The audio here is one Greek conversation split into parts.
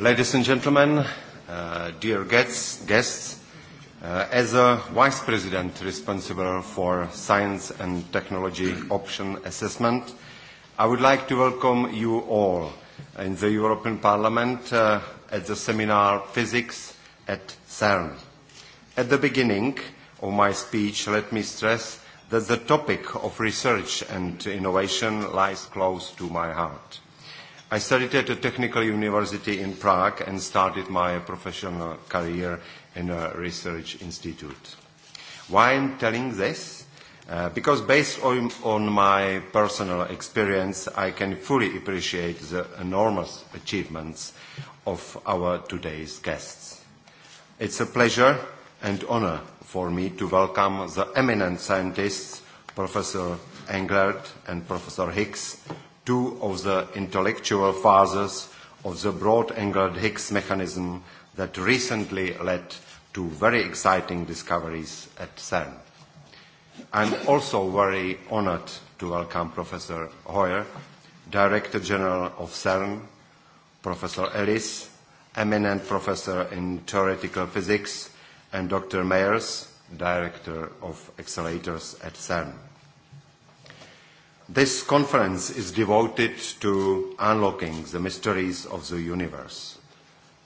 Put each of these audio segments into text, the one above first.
Ladies and gentlemen, dear guests, as a Vice President responsible for Science and Technology Option Assessment, I would like to welcome you all in the European Parliament at the seminar Physics at CERN. At the beginning of my speech, let me stress that the topic of research and innovation lies close to my heart. I studied at a technical university in Prague and started my professional career in a research institute. Why I'm telling this? Because based on my personal experience, I can fully appreciate the enormous achievements of our today's guests. It's a pleasure and honor for me to welcome the eminent scientists, Professor Englert and Professor Hicks, two of the intellectual fathers of the broad-angled Higgs mechanism that recently led to very exciting discoveries at CERN. I'm also very honored to welcome Professor Hoyer, Director General of CERN, Professor Ellis, eminent professor in theoretical physics, and Dr. Mayers, Director of Accelerators at CERN. This conference is devoted to unlocking the mysteries of the universe.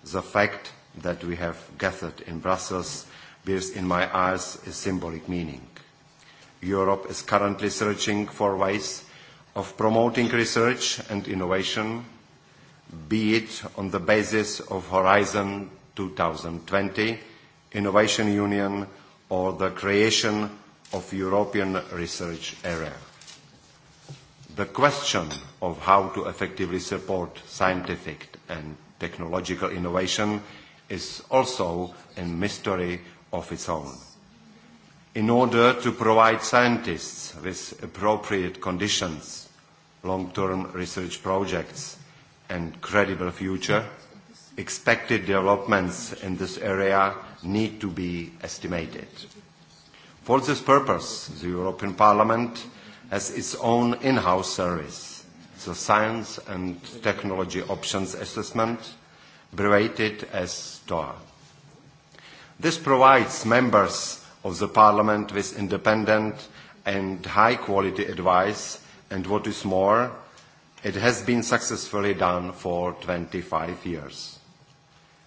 The fact that we have gathered in Brussels bears in my eyes a symbolic meaning. Europe is currently searching for ways of promoting research and innovation, be it on the basis of Horizon 2020, Innovation Union, or the creation of European research area the question of how to effectively support scientific and technological innovation is also a mystery of its own. In order to provide scientists with appropriate conditions, long-term research projects and credible future, expected developments in this area need to be estimated. For this purpose, the European Parliament as its own in-house service, the Science and Technology Options Assessment, abbreviated as STOA. This provides members of the Parliament with independent and high-quality advice, and what is more, it has been successfully done for 25 years.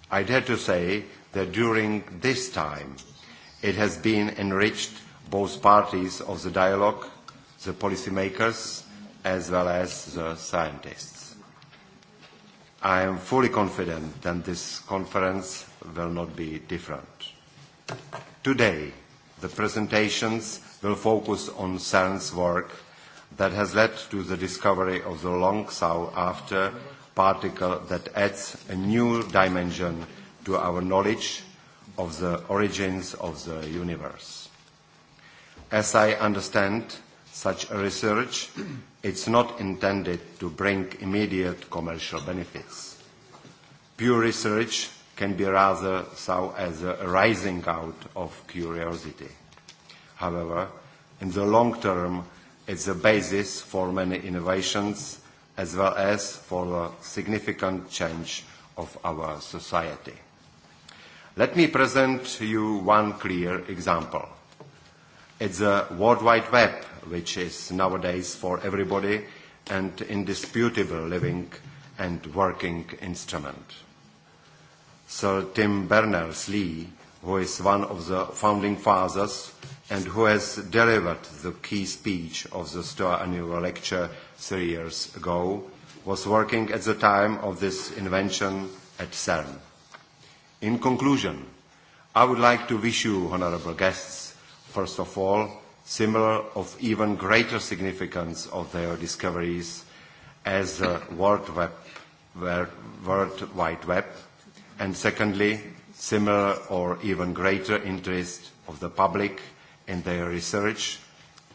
I dare to say that during this time, it has been enriched both parties of the dialogue the policymakers as well as the scientists. I am fully confident that this conference will not be different. Today, the presentations will focus on science work that has led to the discovery of the long sought-after particle that adds a new dimension to our knowledge of the origins of the universe. As I understand, such research, is not intended to bring immediate commercial benefits. Pure research can be rather so as a rising out of curiosity. However, in the long term, it's the basis for many innovations as well as for a significant change of our society. Let me present you one clear example. It's the World Wide Web which is nowadays for everybody an indisputable living and working instrument. Sir Tim Berners-Lee, who is one of the founding fathers and who has delivered the key speech of the STOA annual lecture three years ago, was working at the time of this invention at CERN. In conclusion, I would like to wish you, honorable guests, first of all, similar of even greater significance of their discoveries as the World Web, World Wide Web, and secondly, similar or even greater interest of the public in their research,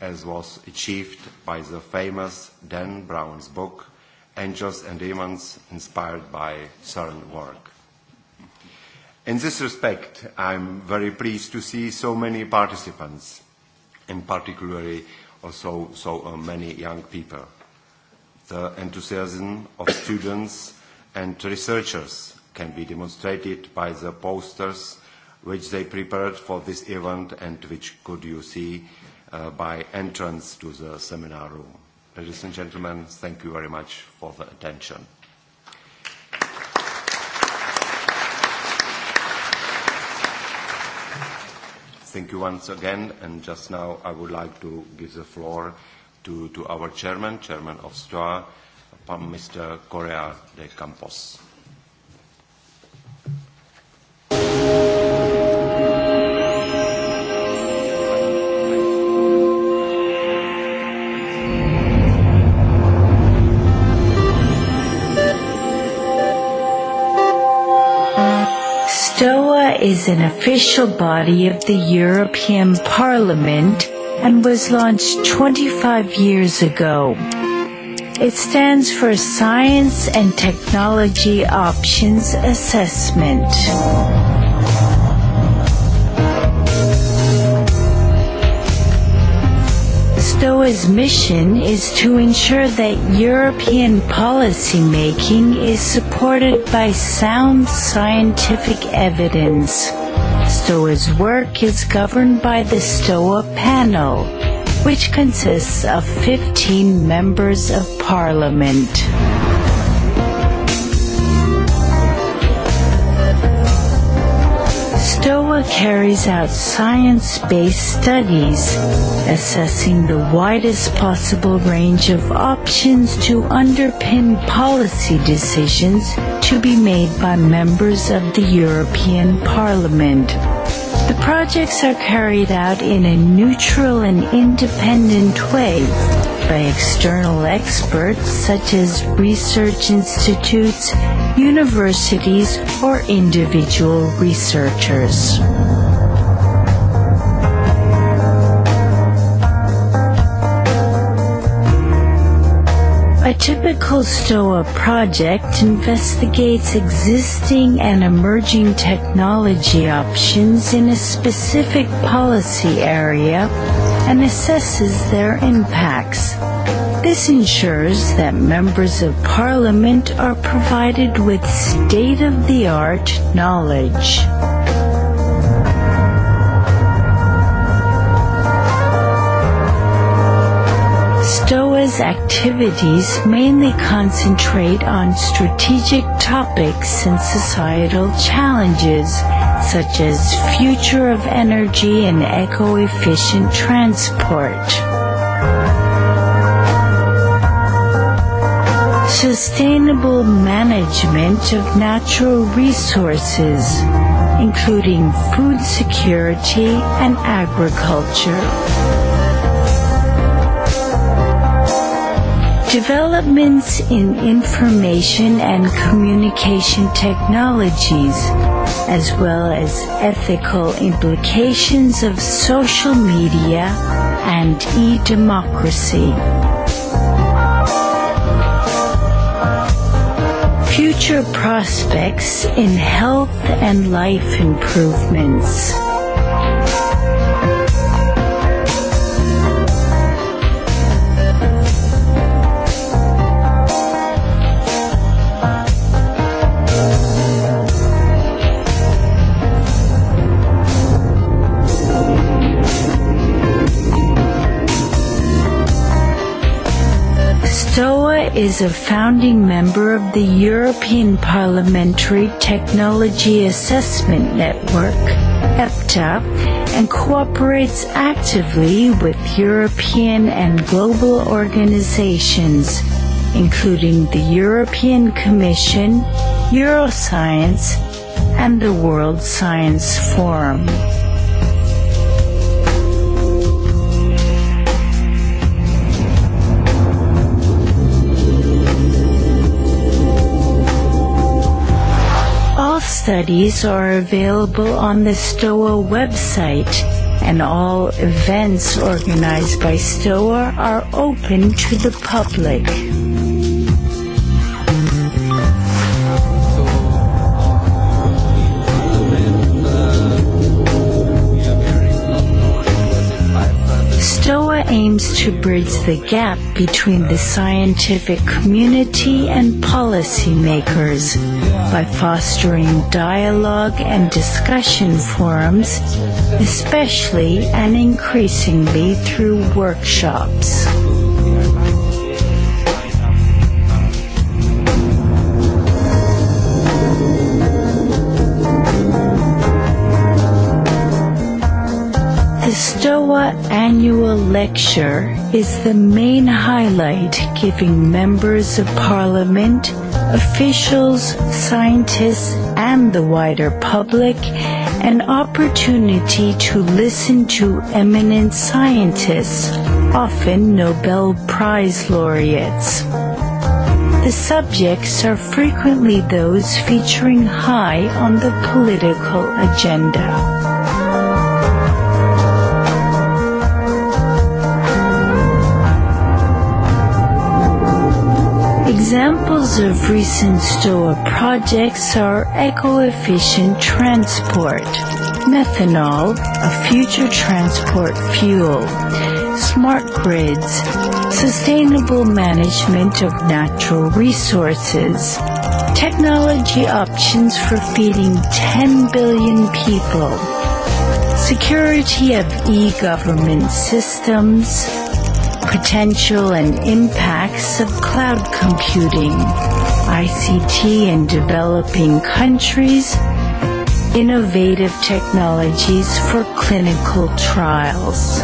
as was achieved by the famous Dan Brown's book, Angels and Demons, inspired by CERN work. In this respect, I'm very pleased to see so many participants in particularly also so many young people. The enthusiasm of students and researchers can be demonstrated by the posters which they prepared for this event and which could you see by entrance to the seminar room. Ladies and gentlemen, thank you very much for the attention. Thank you once again, and just now I would like to give the floor to our chairman, chairman of STOA, Mr. Correa de Campos. is an official body of the European Parliament and was launched 25 years ago. It stands for Science and Technology Options Assessment. STOA's mission is to ensure that European policy making is supported by sound scientific evidence. STOA's work is governed by the STOA panel, which consists of 15 members of parliament. carries out science-based studies, assessing the widest possible range of options to underpin policy decisions to be made by members of the European Parliament. The projects are carried out in a neutral and independent way by external experts such as research institutes, universities, or individual researchers. A typical STOA project investigates existing and emerging technology options in a specific policy area and assesses their impacts. This ensures that members of parliament are provided with state-of-the-art knowledge. STOA's activities mainly concentrate on strategic topics and societal challenges – such as future of energy and eco-efficient transport. Sustainable management of natural resources, including food security and agriculture. Developments in information and communication technologies, as well as ethical implications of social media and e-democracy. Future prospects in health and life improvements. is a founding member of the European Parliamentary Technology Assessment Network, EPTA, and cooperates actively with European and global organizations, including the European Commission, Euroscience, and the World Science Forum. studies are available on the STOA website, and all events organized by STOA are open to the public. aims to bridge the gap between the scientific community and policymakers by fostering dialogue and discussion forums, especially and increasingly through workshops. Iowa Annual Lecture is the main highlight giving members of parliament, officials, scientists and the wider public an opportunity to listen to eminent scientists, often Nobel Prize laureates. The subjects are frequently those featuring high on the political agenda. Examples of recent STOA projects are eco-efficient transport, methanol, a future transport fuel, smart grids, sustainable management of natural resources, technology options for feeding 10 billion people, security of e-government systems, potential and impacts of cloud computing, ICT in developing countries, innovative technologies for clinical trials.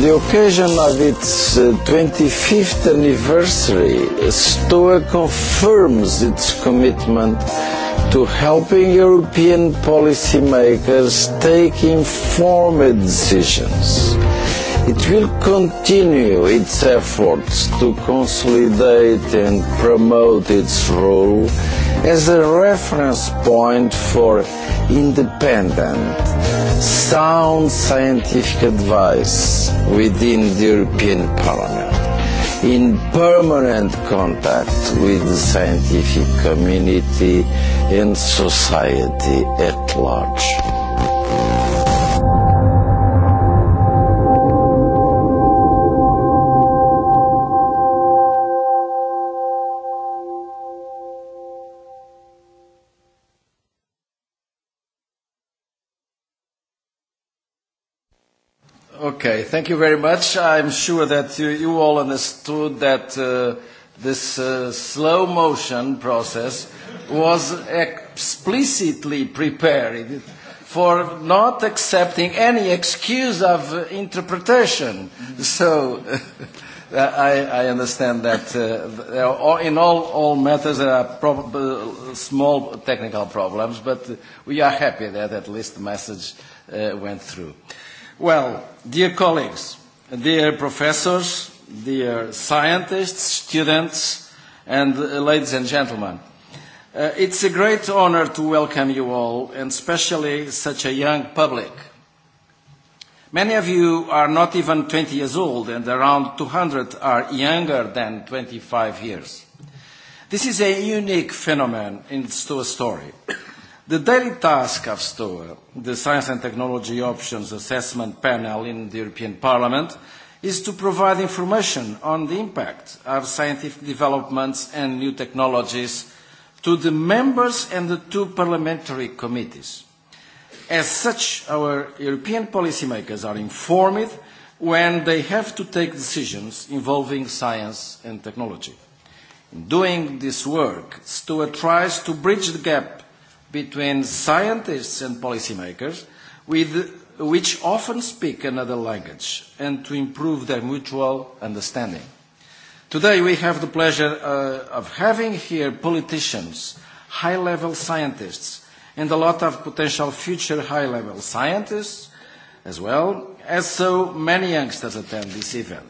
On the occasion of its 25th anniversary, STOA confirms its commitment to helping European policymakers take informed decisions. It will continue its efforts to consolidate and promote its role as a reference point for independent, sound scientific advice within the European Parliament, in permanent contact with the scientific community and society at large. Okay, thank you very much. I'm sure that you all understood that this slow motion process was explicitly prepared for not accepting any excuse of interpretation. So I understand that in all all matters there are small technical problems, but we are happy that at least the message went through. Well, dear colleagues, dear professors, dear scientists, students, and ladies and gentlemen, it's a great honor to welcome you all, and especially such a young public. Many of you are not even 20 years old, and around 200 are younger than 25 years. This is a unique phenomenon in the story. The daily task of STOA, the Science and Technology Options Assessment Panel in the European Parliament, is to provide information on the impact of scientific developments and new technologies to the members and the two parliamentary committees. As such, our European policymakers are informed when they have to take decisions involving science and technology. In doing this work, STOA tries to bridge the gap between scientists and policymakers, with which often speak another language, and to improve their mutual understanding. Today we have the pleasure of having here politicians, high-level scientists, and a lot of potential future high-level scientists as well, as so many youngsters attend this event.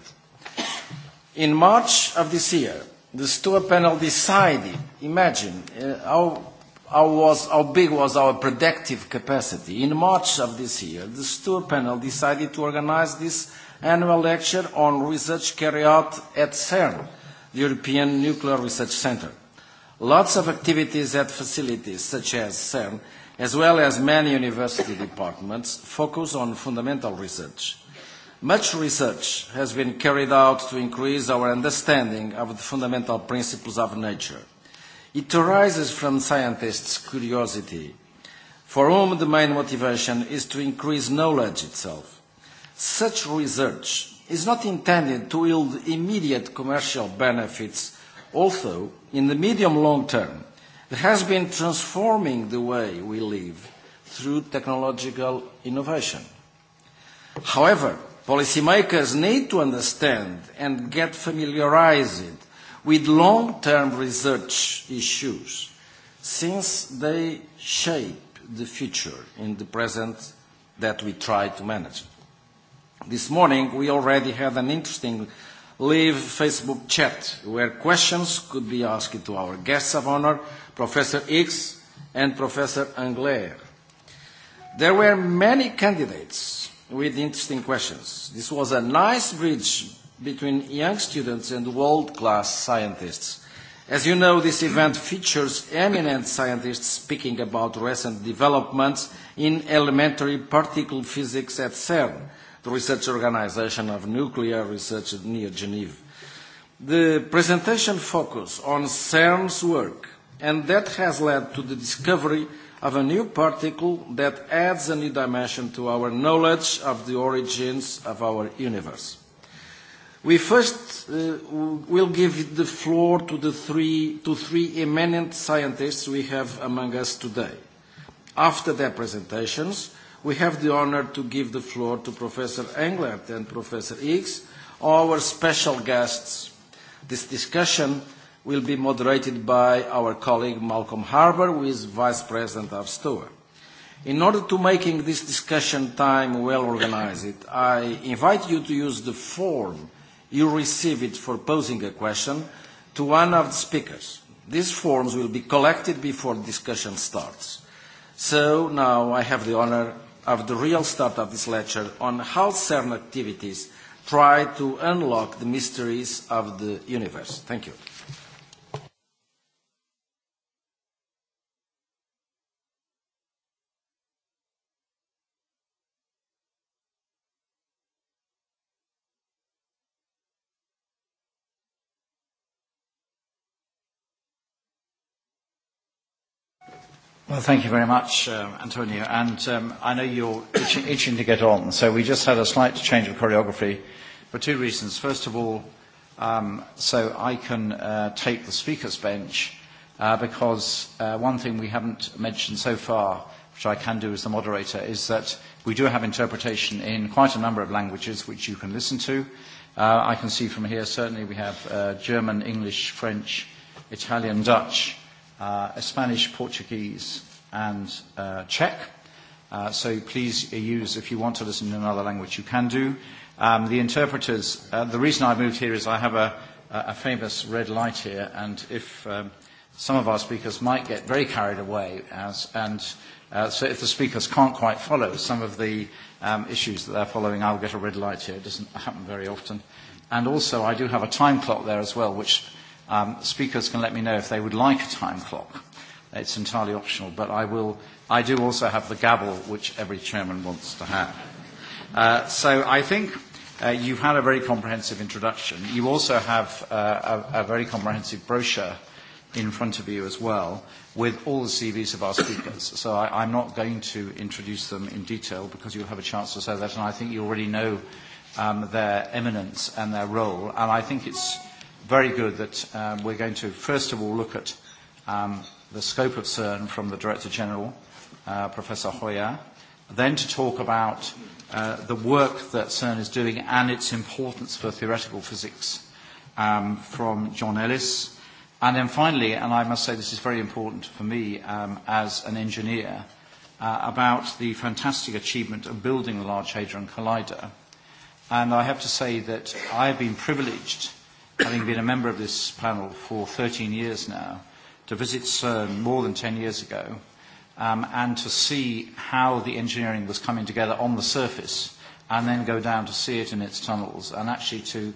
In March of this year, the STOA panel decided, imagine how how big was our productive capacity. In March of this year, the Stuart panel decided to organize this annual lecture on research carried out at CERN, the European Nuclear Research Centre. Lots of activities at facilities such as CERN, as well as many university departments, focus on fundamental research. Much research has been carried out to increase our understanding of the fundamental principles of nature. It arises from scientists' curiosity, for whom the main motivation is to increase knowledge itself. Such research is not intended to yield immediate commercial benefits, although in the medium-long term it has been transforming the way we live through technological innovation. However, policymakers need to understand and get familiarized with long-term research issues, since they shape the future in the present that we try to manage. This morning, we already had an interesting live Facebook chat where questions could be asked to our guests of honor, Professor X and Professor Angler. There were many candidates with interesting questions. This was a nice bridge between young students and world-class scientists. As you know, this event features eminent scientists speaking about recent developments in elementary particle physics at CERN, the research organisation of nuclear research near Geneva. The presentation focuses on CERN's work, and that has led to the discovery of a new particle that adds a new dimension to our knowledge of the origins of our universe. We first will give the floor to the three to three eminent scientists we have among us today. After their presentations, we have the honor to give the floor to Professor Englert and Professor X, our special guests. This discussion will be moderated by our colleague Malcolm Harbour, who is Vice President of STOA. In order to making this discussion time well organized, I invite you to use the form you receive it for posing a question to one of the speakers. These forms will be collected before discussion starts. So now I have the honor of the real start of this lecture on how certain activities try to unlock the mysteries of the universe. Thank you. Well, thank you very much, Antonio. And I know you're itching to get on, so we just had a slight change of choreography for two reasons. First of all, so I can take the speaker's bench because one thing we haven't mentioned so far, which I can do as the moderator, is that we do have interpretation in quite a number of languages which you can listen to. I can see from here certainly we have German, English, French, Italian, Dutch Spanish, Portuguese and Czech. So please use, if you want to listen in another language, you can do. The interpreters, the reason I moved here is I have a famous red light here, and if some of our speakers might get very carried away, and so if the speakers can't quite follow some of the issues that they're following, I'll get a red light here. It doesn't happen very often. And also I do have a time clock there as well, which Speakers can let me know if they would like a time clock. It's entirely optional, but I will. I do also have the gavel, which every chairman wants to have. So I think you've had a very comprehensive introduction. You also have a very comprehensive brochure in front of you as well, with all the CVs of our speakers. So I I'm not going to introduce them in detail because you'll have a chance to say that, and I think you already know um their eminence and their role. And I think it's very good that we're going to, first of all, look at the scope of CERN from the Director General, Professor Hoyer, then to talk about the work that CERN is doing and its importance for theoretical physics from John Ellis. And then finally, and I must say this is very important for me as an engineer, about the fantastic achievement of building the Large Hadron Collider. And I have to say that I have been privileged having been a member of this panel for 13 years now, to visit CERN more than 10 years ago and to see how the engineering was coming together on the surface and then go down to see it in its tunnels and actually to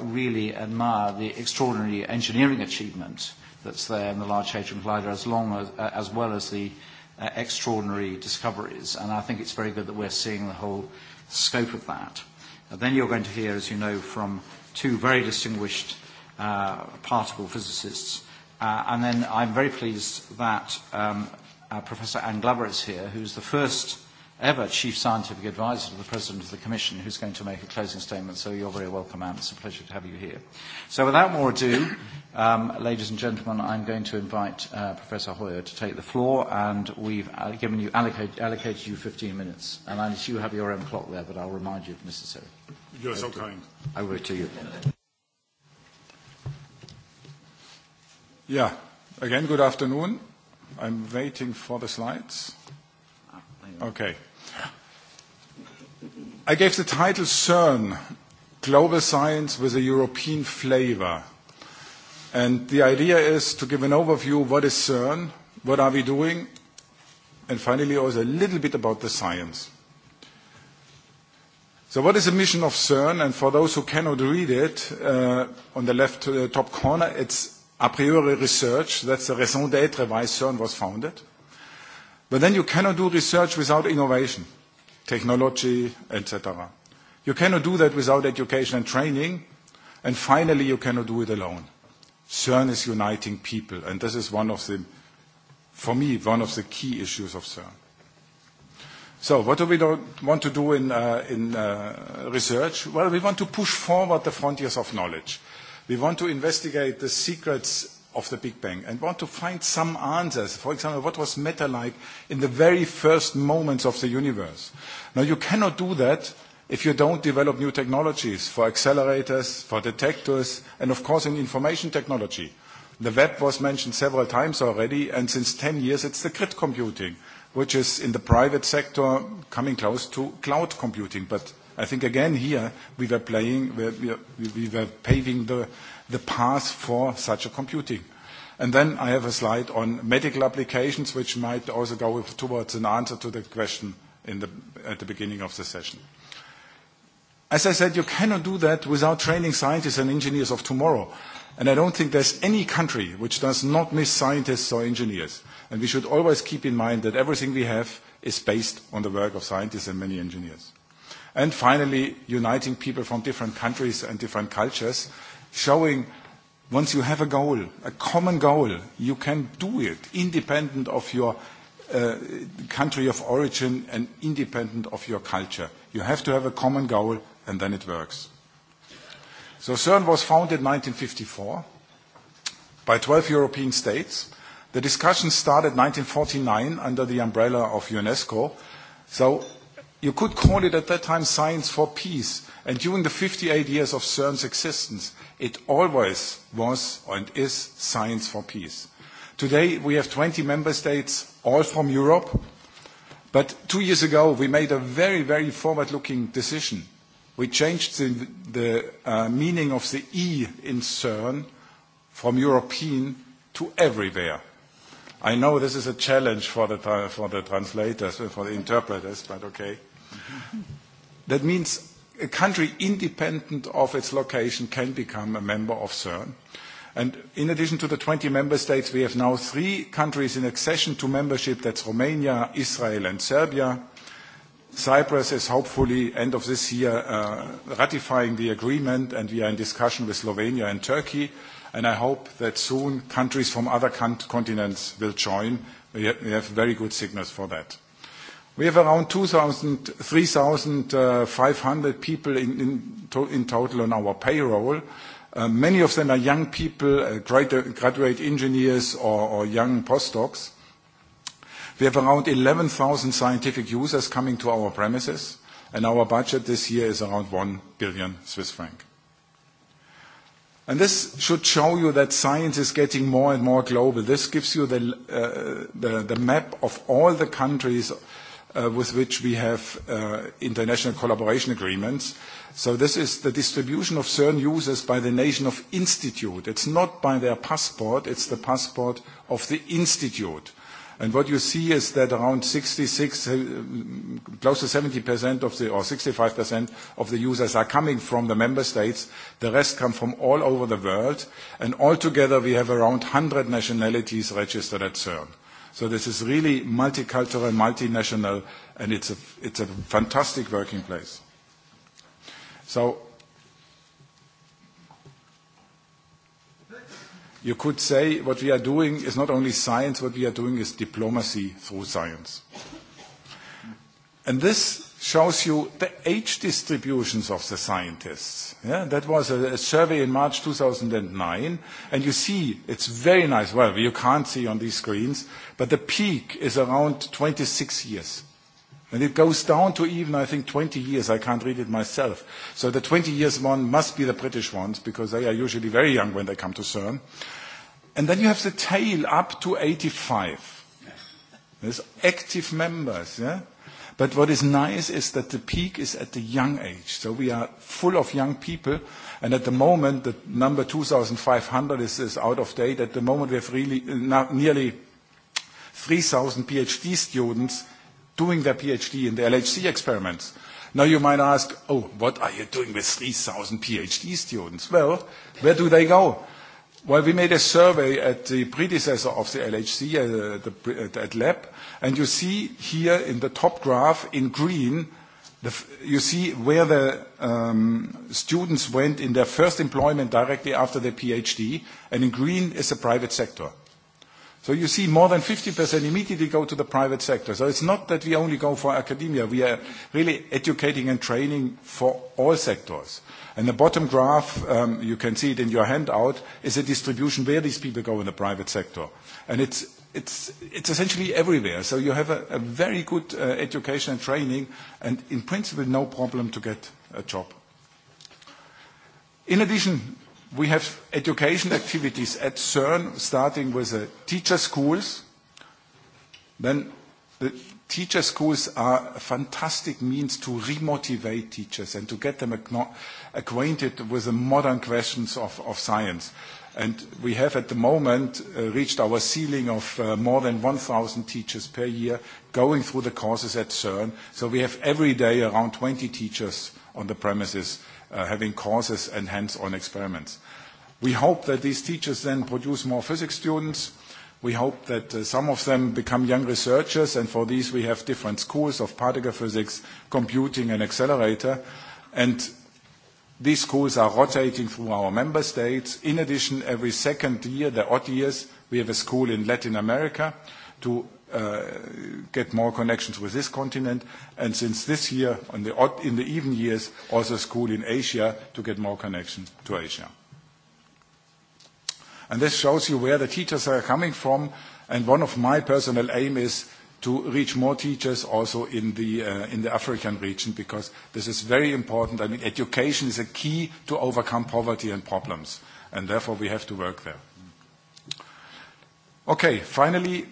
really admire the extraordinary engineering achievement that's there in the Large Hadron Collider as, long as, as well as the extraordinary discoveries. And I think it's very good that we're seeing the whole scope of that. then you're going to hear, as you know, from two very distinguished uh particle physicists. And then I'm very pleased that um Professor Anne Glover is here, who's the first ever Chief Scientific Advisor to the President of the Commission, who's going to make a closing statement. So you're very welcome, Anne. It's a pleasure to have you here. So without more ado, um, ladies and gentlemen, I'm going to invite Professor Hoyer to take the floor, and we've given you allocated you 15 minutes. And I you have your own clock there, but I'll remind you if necessary. You're so kind will to you. Yeah. Again, good afternoon. I'm waiting for the slides. Okay. I gave the title CERN, Global Science with a European Flavor. And the idea is to give an overview of what is CERN, what are we doing, and finally also a little bit about the science. So what is the mission of CERN? And for those who cannot read it, on the left top corner, it's a priori research. That's the raison d'être why CERN was founded. But then you cannot do research without innovation, technology, etc. You cannot do that without education and training. And finally, you cannot do it alone. CERN is uniting people, and this is one of the, for me, one of the key issues of CERN. So what do we want to do in research? Well, we want to push forward the frontiers of knowledge. We want to investigate the secrets of the Big Bang and want to find some answers. For example, what was matter like in the very first moments of the universe? Now, you cannot do that if you don't develop new technologies for accelerators, for detectors, and of course in information technology. The web was mentioned several times already, and since 10 years it's the grid computing which is in the private sector coming close to cloud computing. But I think again here we were playing, we were paving the the path for such a computing. And then I have a slide on medical applications, which might also go towards an answer to the question at the beginning of the session. As I said, you cannot do that without training scientists and engineers of tomorrow. And I don't think there's any country which does not miss scientists or engineers. And we should always keep in mind that everything we have is based on the work of scientists and many engineers. And finally, uniting people from different countries and different cultures, showing once you have a goal, a common goal, you can do it independent of your country of origin and independent of your culture. You have to have a common goal and then it works. So CERN was founded in 1954 by 12 European states. The discussion started in 1949 under the umbrella of UNESCO. So you could call it at that time science for peace. And during the 58 years of CERN's existence, it always was and is science for peace. Today we have 20 member states, all from Europe. But two years ago we made a very, very forward-looking decision we changed the meaning of the E in CERN from European to everywhere. I know this is a challenge for the for the translators and for the interpreters, but okay. That means a country independent of its location can become a member of CERN. And in addition to the 20 member states, we have now three countries in accession to membership. That's Romania, Israel, and Serbia. Cyprus is hopefully end of this year ratifying the agreement, and we are in discussion with Slovenia and Turkey, and I hope that soon countries from other continents will join. We have very good signals for that. We have around 3,500 people in total on our payroll. Many of them are young people, graduate engineers or young postdocs. We have around 11,000 scientific users coming to our premises, and our budget this year is around 1 billion Swiss franc. And this should show you that science is getting more and more global. This gives you the map of all the countries with which we have international collaboration agreements. So this is the distribution of CERN users by the nation of institute. It's not by their passport, it's the passport of the institute. And what you see is that around 66, close to 70% of the, or 65% of the users are coming from the member states. The rest come from all over the world. And altogether we have around 100 nationalities registered at CERN. So this is really multicultural, multinational, and it's a, it's a fantastic working place. So you could say what we are doing is not only science, what we are doing is diplomacy through science. And this shows you the age distributions of the scientists. That was a survey in March 2009, and you see it's very nice. Well, you can't see on these screens, but the peak is around 26 years. And it goes down to even, I think, 20 years. I can't read it myself. So the 20 years one must be the British ones because they are usually very young when they come to CERN. And then you have the tail up to 85. There's active members, yeah? But what is nice is that the peak is at the young age. So we are full of young people. And at the moment, the number 2,500 is, is out of date. At the moment, we have really nearly 3,000 PhD students doing their PhD in the LHC experiments. Now you might ask, oh, what are you doing with 3,000 PhD students? Well, where do they go? Well, we made a survey at the predecessor of the LHC at lab, and you see here in the top graph in green, you see where the students went in their first employment directly after their PhD, and in green is the private sector. So you see more than 50% immediately go to the private sector. So it's not that we only go for academia. We are really educating and training for all sectors. And the bottom graph, you can see it in your handout, is a distribution where these people go in the private sector. And it's it's it's essentially everywhere. So you have a very good education and training and in principle no problem to get a job. In addition, We have education activities at CERN, starting with the teacher schools. Then the teacher schools are a fantastic means to remotivate teachers and to get them acquainted with the modern questions of science. And we have at the moment reached our ceiling of more than 1,000 teachers per year going through the courses at CERN. So we have every day around 20 teachers on the premises having courses and hands-on experiments. We hope that these teachers then produce more physics students. We hope that some of them become young researchers, and for these we have different schools of particle physics, computing, and accelerator. And these schools are rotating through our member states. In addition, every second year, the odd years, we have a school in Latin America to get more connections with this continent, and since this year, in the even years, also school in Asia to get more connection to Asia. And this shows you where the teachers are coming from, and one of my personal aim is to reach more teachers also in the in the African region, because this is very important. I mean, education is a key to overcome poverty and problems, and therefore we have to work there. Okay, finally,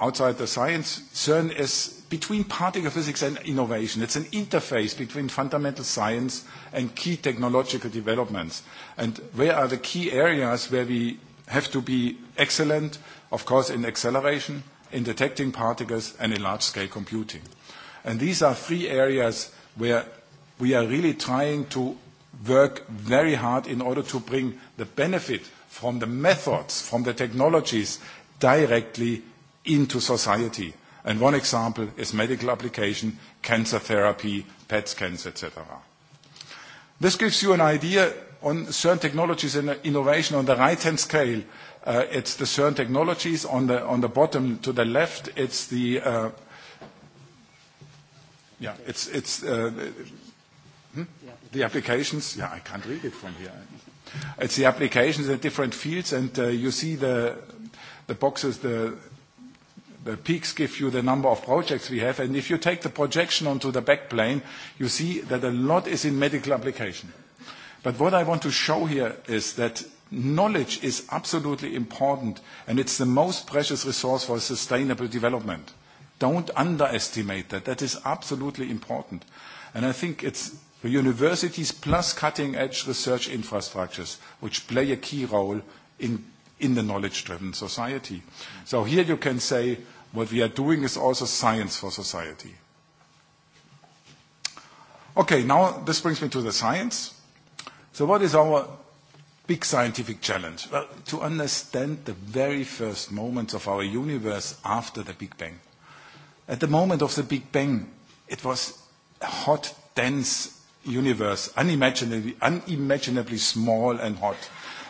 outside the science, CERN is between particle physics and innovation. It's an interface between fundamental science and key technological developments. And where are the key areas where we have to be excellent? Of course, in acceleration, in detecting particles, and in large-scale computing. And these are three areas where we are really trying to work very hard in order to bring the benefit from the methods, from the technologies, directly into society. And one example is medical application, cancer therapy, PET scans, etc. This gives you an idea on certain technologies and innovation on the right-hand scale. It's the CERN technologies. On the bottom to the left, it's the yeah, it's it's the applications. Yeah, I can't read it from here. It's the applications in different fields, and you see the the boxes, the the peaks give you the number of projects we have. And if you take the projection onto the back plane, you see that a lot is in medical application. But what I want to show here is that knowledge is absolutely important, and it's the most precious resource for sustainable development. Don't underestimate that. That is absolutely important. And I think it's the universities plus cutting-edge research infrastructures which play a key role in in the knowledge-driven society. So here you can say what we are doing is also science for society. Okay, now this brings me to the science. So what is our big scientific challenge? Well, to understand the very first moments of our universe after the Big Bang. At the moment of the Big Bang, it was a hot, dense universe, unimaginably, unimaginably small and hot.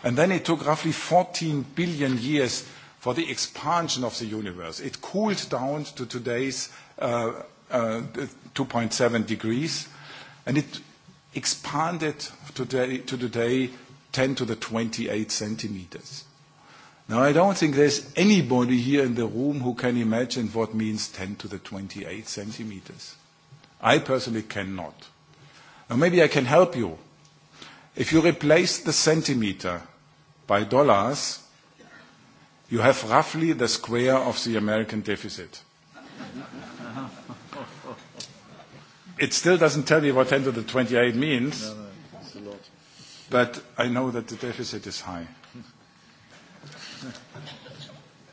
And then it took roughly 14 billion years for the expansion of the universe. It cooled down to today's 2.7 degrees, and it expanded to today 10 to the 28 centimeters. Now, I don't think there's anybody here in the room who can imagine what means 10 to the 28 centimeters. I personally cannot. Now, maybe I can help you. If you replace the centimeter by dollars, you have roughly the square of the American deficit. It still doesn't tell you what 10 to the 28 means, but I know that the deficit is high.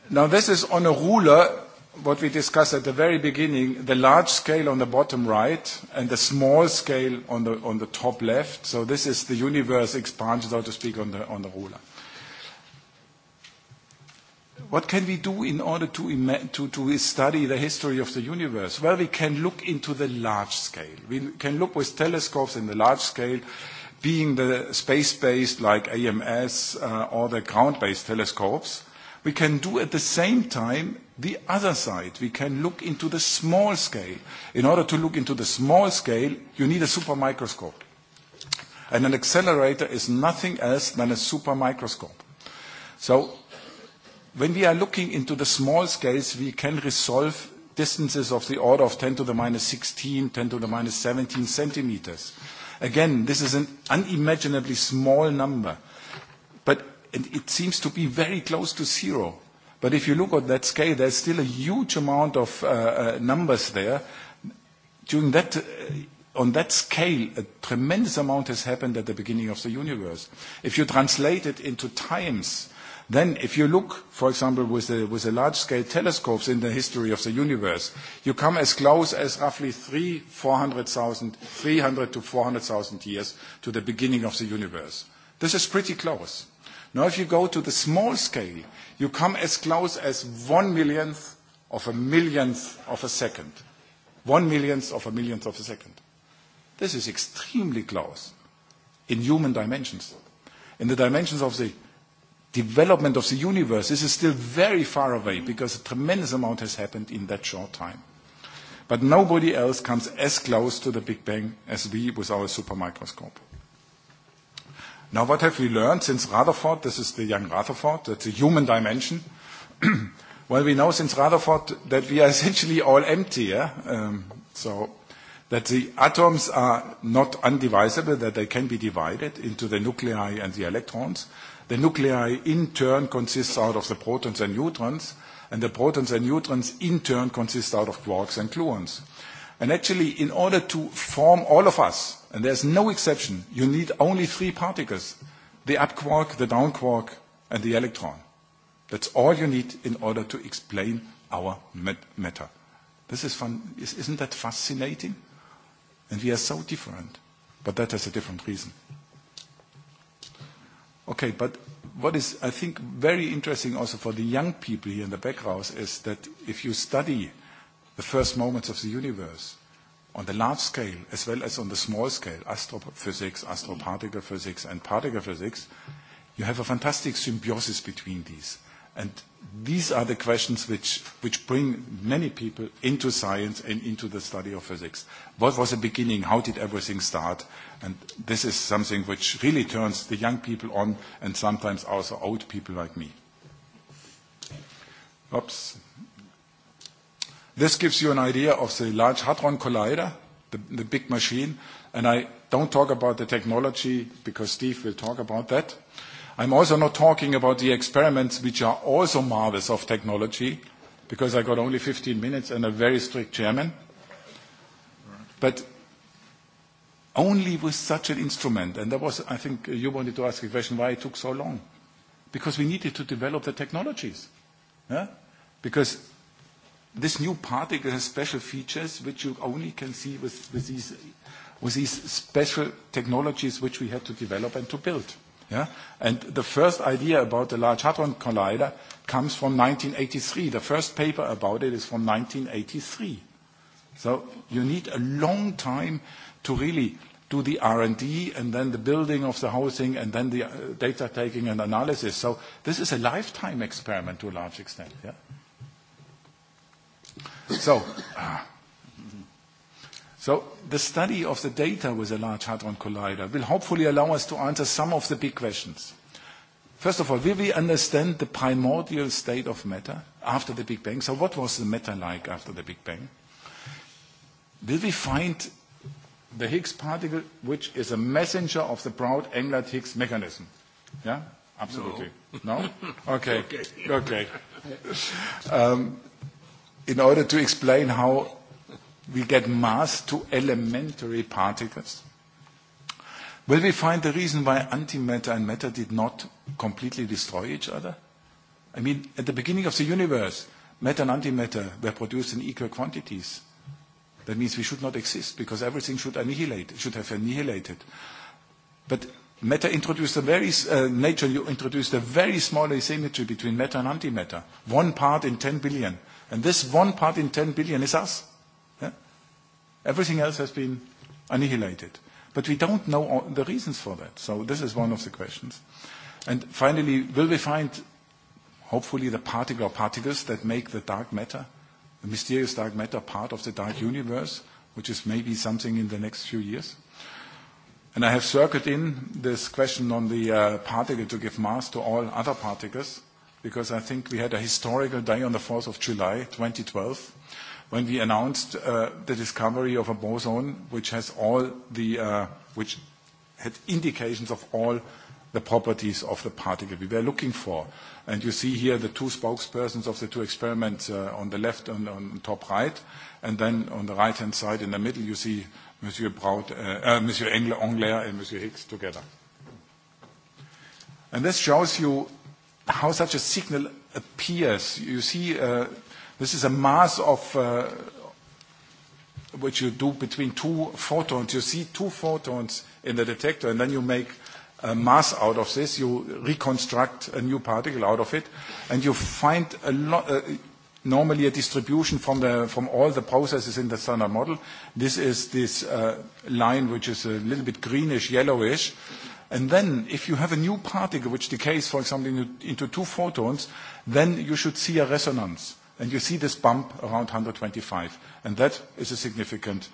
Now this is on a ruler, what we discussed at the very beginning, the large scale on the bottom right and the small scale on the on the top left. So this is the universe expansion, so to speak, on the on the ruler. What can we do in order to study the history of the universe? Well, we can look into the large scale. We can look with telescopes in the large scale, being the space-based like AMS or the ground-based telescopes. We can do at the same time the other side. We can look into the small scale. In order to look into the small scale, you need a super microscope. And an accelerator is nothing else than a super microscope. So When we are looking into the small scales, we can resolve distances of the order of 10 to the minus 16, 10 to the minus 17 centimeters. Again, this is an unimaginably small number, but it seems to be very close to zero. But if you look at that scale, there's still a huge amount of numbers there. During that, on that scale, a tremendous amount has happened at the beginning of the universe. If you translate it into times, Then if you look, for example, with the large-scale telescopes in the history of the universe, you come as close as roughly 300 to 400,000 years to the beginning of the universe. This is pretty close. Now if you go to the small scale, you come as close as one millionth of a millionth of a second. One millionth of a millionth of a second. This is extremely close in human dimensions. In the dimensions of the development of the universe. This is still very far away because a tremendous amount has happened in that short time. But nobody else comes as close to the Big Bang as we with our super microscope. Now what have we learned since Rutherford? This is the young Rutherford. That's a human dimension. Well, we know since Rutherford that we are essentially all empty. So that the atoms are not undivisible, that they can be divided into the nuclei and the electrons. The nuclei in turn consists out of the protons and neutrons, and the protons and neutrons in turn consist out of quarks and gluons. And actually, in order to form all of us, and there's no exception, you need only three particles, the up quark, the down quark, and the electron. That's all you need in order to explain our matter. This is fun. Isn't that fascinating? And we are so different. But that has a different reason. Okay, but what is, I think, very interesting also for the young people here in the background is that if you study the first moments of the universe on the large scale as well as on the small scale, astrophysics, astroparticle physics, and particle physics, you have a fantastic symbiosis between these. And these are the questions which which bring many people into science and into the study of physics. What was the beginning? How did everything start? And this is something which really turns the young people on and sometimes also old people like me. Oops. This gives you an idea of the Large Hadron Collider, the big machine. And I don't talk about the technology because Steve will talk about that. I'm also not talking about the experiments which are also marvels of technology, because I got only 15 minutes and a very strict chairman. But only with such an instrument, and that was, I think, you wanted to ask a question why it took so long. Because we needed to develop the technologies. Because this new particle has special features which you only can see with these special technologies which we had to develop and to build. Yeah, And the first idea about the Large Hadron Collider comes from 1983. The first paper about it is from 1983. So you need a long time to really do the R&D and then the building of the housing and then the data taking and analysis. So this is a lifetime experiment to a large extent. Yeah. So So the study of the data with the Large Hadron Collider will hopefully allow us to answer some of the big questions. First of all, will we understand the primordial state of matter after the Big Bang? So what was the matter like after the Big Bang? Will we find the Higgs particle, which is a messenger of the broad Englert Higgs mechanism? Yeah? Absolutely. No? Okay. Okay. In order to explain how we get mass to elementary particles. Will we find the reason why antimatter and matter did not completely destroy each other? I mean, at the beginning of the universe, matter and antimatter were produced in equal quantities. That means we should not exist because everything should annihilate, should have annihilated. But matter introduced a very, nature introduced a very small asymmetry between matter and antimatter. One part in 10 billion. And this one part in 10 billion is us. Everything else has been annihilated. But we don't know the reasons for that. So this is one of the questions. And finally, will we find, hopefully, the particle or particles that make the dark matter, the mysterious dark matter, part of the dark universe, which is maybe something in the next few years? And I have circled in this question on the particle to give mass to all other particles, because I think we had a historical day on the 4th of July, 2012 when we announced the discovery of a boson which has all the which had indications of all the properties of the particle we were looking for. And you see here the two spokespersons of the two experiments on the left and on top right. And then on the right-hand side in the middle, you see Monsieur Braut, Monsieur Engler and Monsieur Higgs together. And this shows you how such a signal appears. You see This is a mass of which you do between two photons. You see two photons in the detector, and then you make a mass out of this. You reconstruct a new particle out of it, and you find a normally a distribution from the from all the processes in the standard model. This is this line which is a little bit greenish, yellowish. And then, if you have a new particle which decays, for example, into two photons, then you should see a resonance. And you see this bump around 125. And that is a significant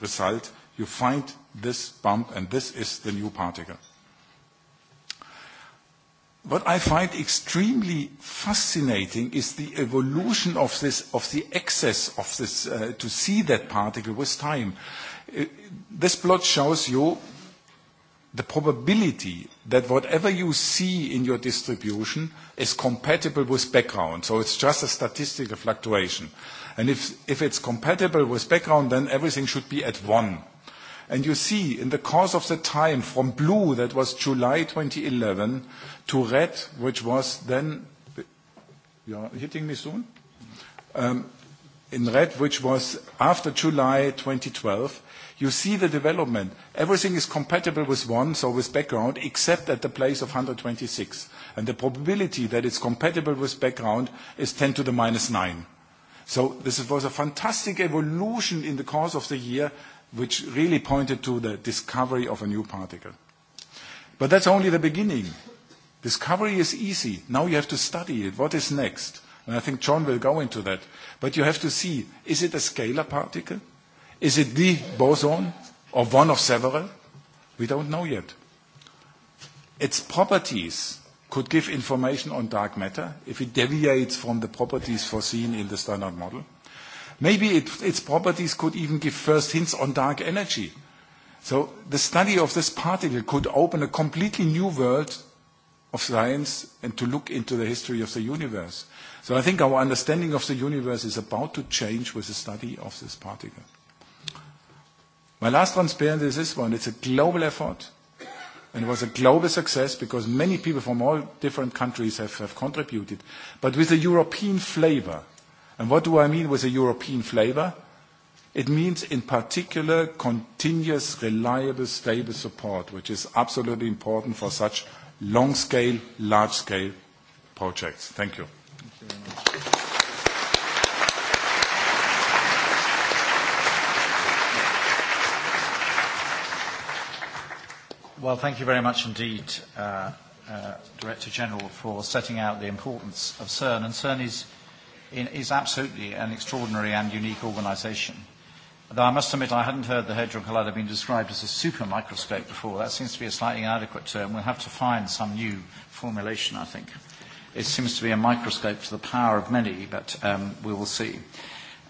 result. You find this bump, and this is the new particle. What I find extremely fascinating is the evolution of this, of the excess of this, to see that particle with time. This plot shows you the probability that whatever you see in your distribution is compatible with background. So it's just a statistical fluctuation. And if it's compatible with background, then everything should be at one. And you see, in the course of the time, from blue, that was July 2011, to red, which was then, you hitting me soon, in red, which was after July 2012, you see the development. Everything is compatible with one, so with background, except at the place of 126. And the probability that it's compatible with background is 10 to the minus 9. So this was a fantastic evolution in the course of the year, which really pointed to the discovery of a new particle. But that's only the beginning. Discovery is easy. Now you have to study it. What is next? And I think John will go into that. But you have to see, is it a scalar particle? Is it the boson or one of several? We don't know yet. Its properties could give information on dark matter if it deviates from the properties foreseen in the standard model. Maybe its properties could even give first hints on dark energy. So the study of this particle could open a completely new world of science and to look into the history of the universe. So I think our understanding of the universe is about to change with the study of this particle. My last transparency is this one. It's a global effort. And it was a global success because many people from all different countries have, have contributed. But with a European flavor. And what do I mean with a European flavor? It means, in particular, continuous, reliable, stable support, which is absolutely important for such long-scale, large-scale projects. Thank you. Well, thank you very much indeed, uh, uh, Director General, for setting out the importance of CERN. And CERN is, in, is absolutely an extraordinary and unique organisation. Though I must admit I hadn't heard the Hadron Collider being described as a super microscope before. That seems to be a slightly inadequate term. We'll have to find some new formulation, I think. It seems to be a microscope to the power of many, but um, we will see.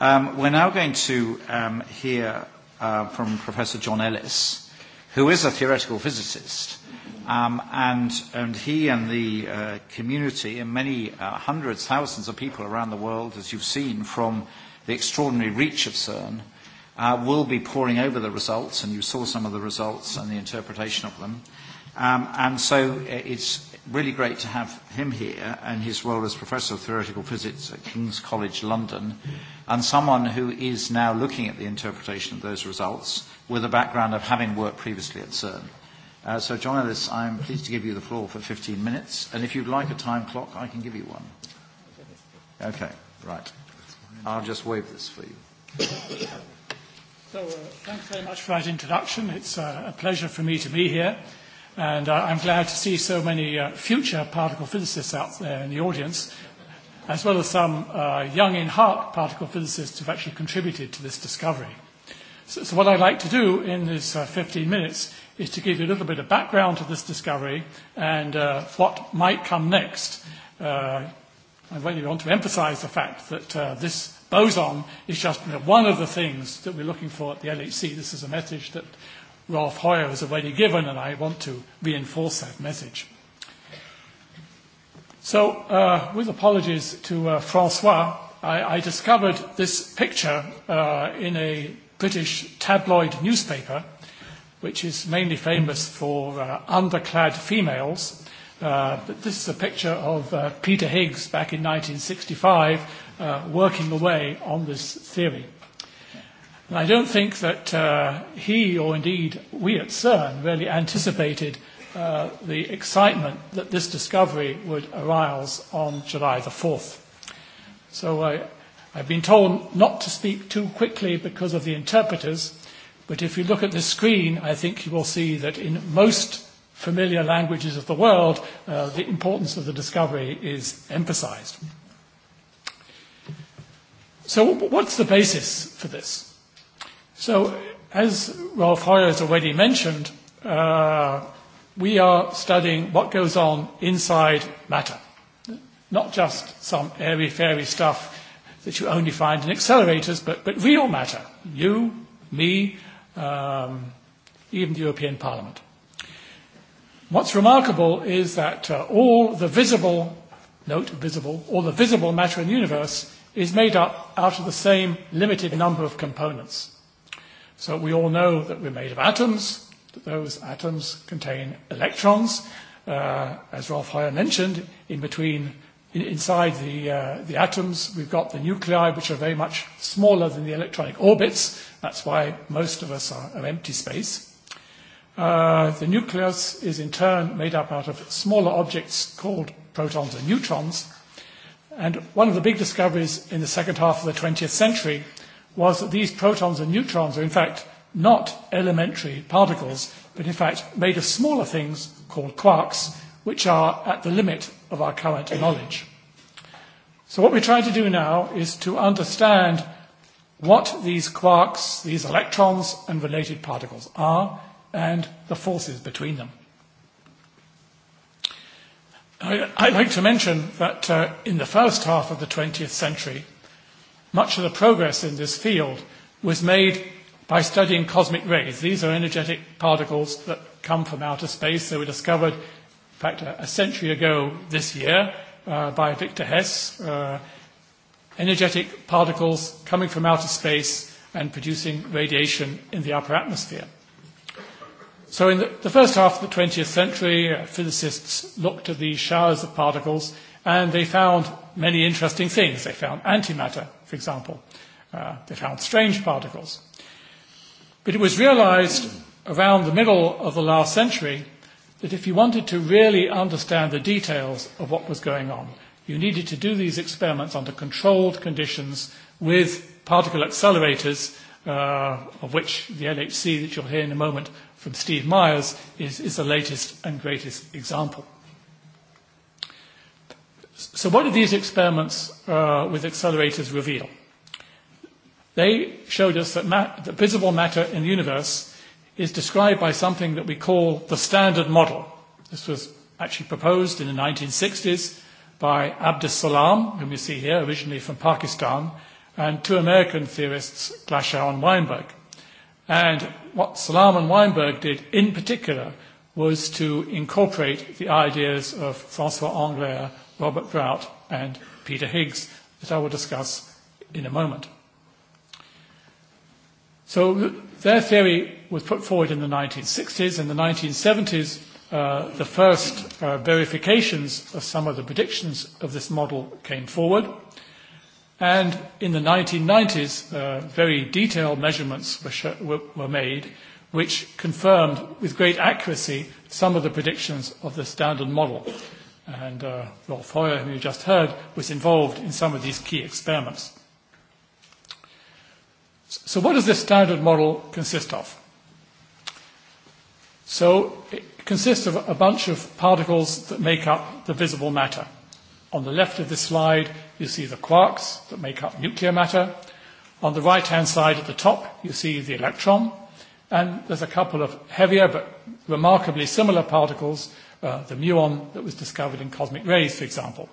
Um, we're now going to um, hear uh, from Professor John Ellis who is a theoretical physicist. And he and the community and many hundreds, thousands of people around the world, as you've seen from the extraordinary reach of CERN, will be poring over the results, and you saw some of the results and the interpretation of them. And so it's really great to have him here and his role as Professor of Theoretical Physics at King's College London, and someone who is now looking at the interpretation of those results with a background of having worked previously at CERN. So, John Ellis, I'm pleased to give you the floor for 15 minutes, and if you'd like a time clock, I can give you one. Okay, right. I'll just wave this for you. So, thanks very much for that introduction. It's a pleasure for me to be here, and I'm glad to see so many future particle physicists out there in the audience, as well as some young in heart particle physicists who've actually contributed to this discovery. So what I'd like to do in uh 15 minutes is to give you a little bit of background to this discovery and what might come next. I really want to emphasize the fact that this boson is just one of the things that we're looking for at the LHC. This is a message that Rolf Hoyer has already given, and I want to reinforce that message. So, with apologies to Francois, I discovered this picture in a British tabloid newspaper, which is mainly famous for underclad females. But this is a picture of Peter Higgs back in 1965 working away on this theory. And I don't think that he or indeed we at CERN really anticipated the excitement that this discovery would arouse on July the 4th. So I've been told not to speak too quickly because of the interpreters, but if you look at the screen, I think you will see that in most familiar languages of the world, the importance of the discovery is emphasized. So what's the basis for this? So as Rolf Hoyer has already mentioned, we are studying what goes on inside matter, not just some airy-fairy stuff that you only find in accelerators, but, but real matter. You, me, um, even the European Parliament. What's remarkable is that all the visible, note visible, all the visible matter in the universe is made up out of the same limited number of components. So we all know that we're made of atoms, that those atoms contain electrons. As Rolf Heuer mentioned, in between inside the the atoms we've got the nuclei which are very much smaller than the electronic orbits that's why most of us are empty space the nucleus is in turn made up out of smaller objects called protons and neutrons and one of the big discoveries in the second half of the 20th century was that these protons and neutrons are in fact not elementary particles but in fact made of smaller things called quarks which are at the limit of our current knowledge. So what we're trying to do now is to understand what these quarks, these electrons and related particles are and the forces between them. I'd like to mention that in the first half of the 20th century, much of the progress in this field was made by studying cosmic rays. These are energetic particles that come from outer space. They were discovered in fact, a century ago this year by Victor Hess, energetic particles coming from outer space and producing radiation in the upper atmosphere. So in the first half of the 20th century, physicists looked at these showers of particles and they found many interesting things. They found antimatter, for example. They found strange particles. But it was realized around the middle of the last century that if you wanted to really understand the details of what was going on, you needed to do these experiments under controlled conditions with particle accelerators, of which the LHC that you'll hear in a moment from Steve Myers is, is the latest and greatest example. So what did these experiments uh, with accelerators reveal? They showed us that, that visible matter in the universe is described by something that we call the standard model. This was actually proposed in the 1960s by Abdus Salam, whom you see here, originally from Pakistan, and two American theorists, Glashow and Weinberg. And what Salam and Weinberg did in particular was to incorporate the ideas of François Anglais, Robert Grout and Peter Higgs that I will discuss in a moment. So their theory was put forward in the 1960s. In the 1970s, the first verifications of some of the predictions of this model came forward. And in the 1990s, very detailed measurements were made, which confirmed with great accuracy some of the predictions of the standard model. And Rolf Hoyer, whom you just heard, was involved in some of these key experiments. So what does this standard model consist of? So it consists of a bunch of particles that make up the visible matter. On the left of this slide, you see the quarks that make up nuclear matter. On the right-hand side at the top, you see the electron. And there's a couple of heavier but remarkably similar particles, the muon that was discovered in cosmic rays, for example.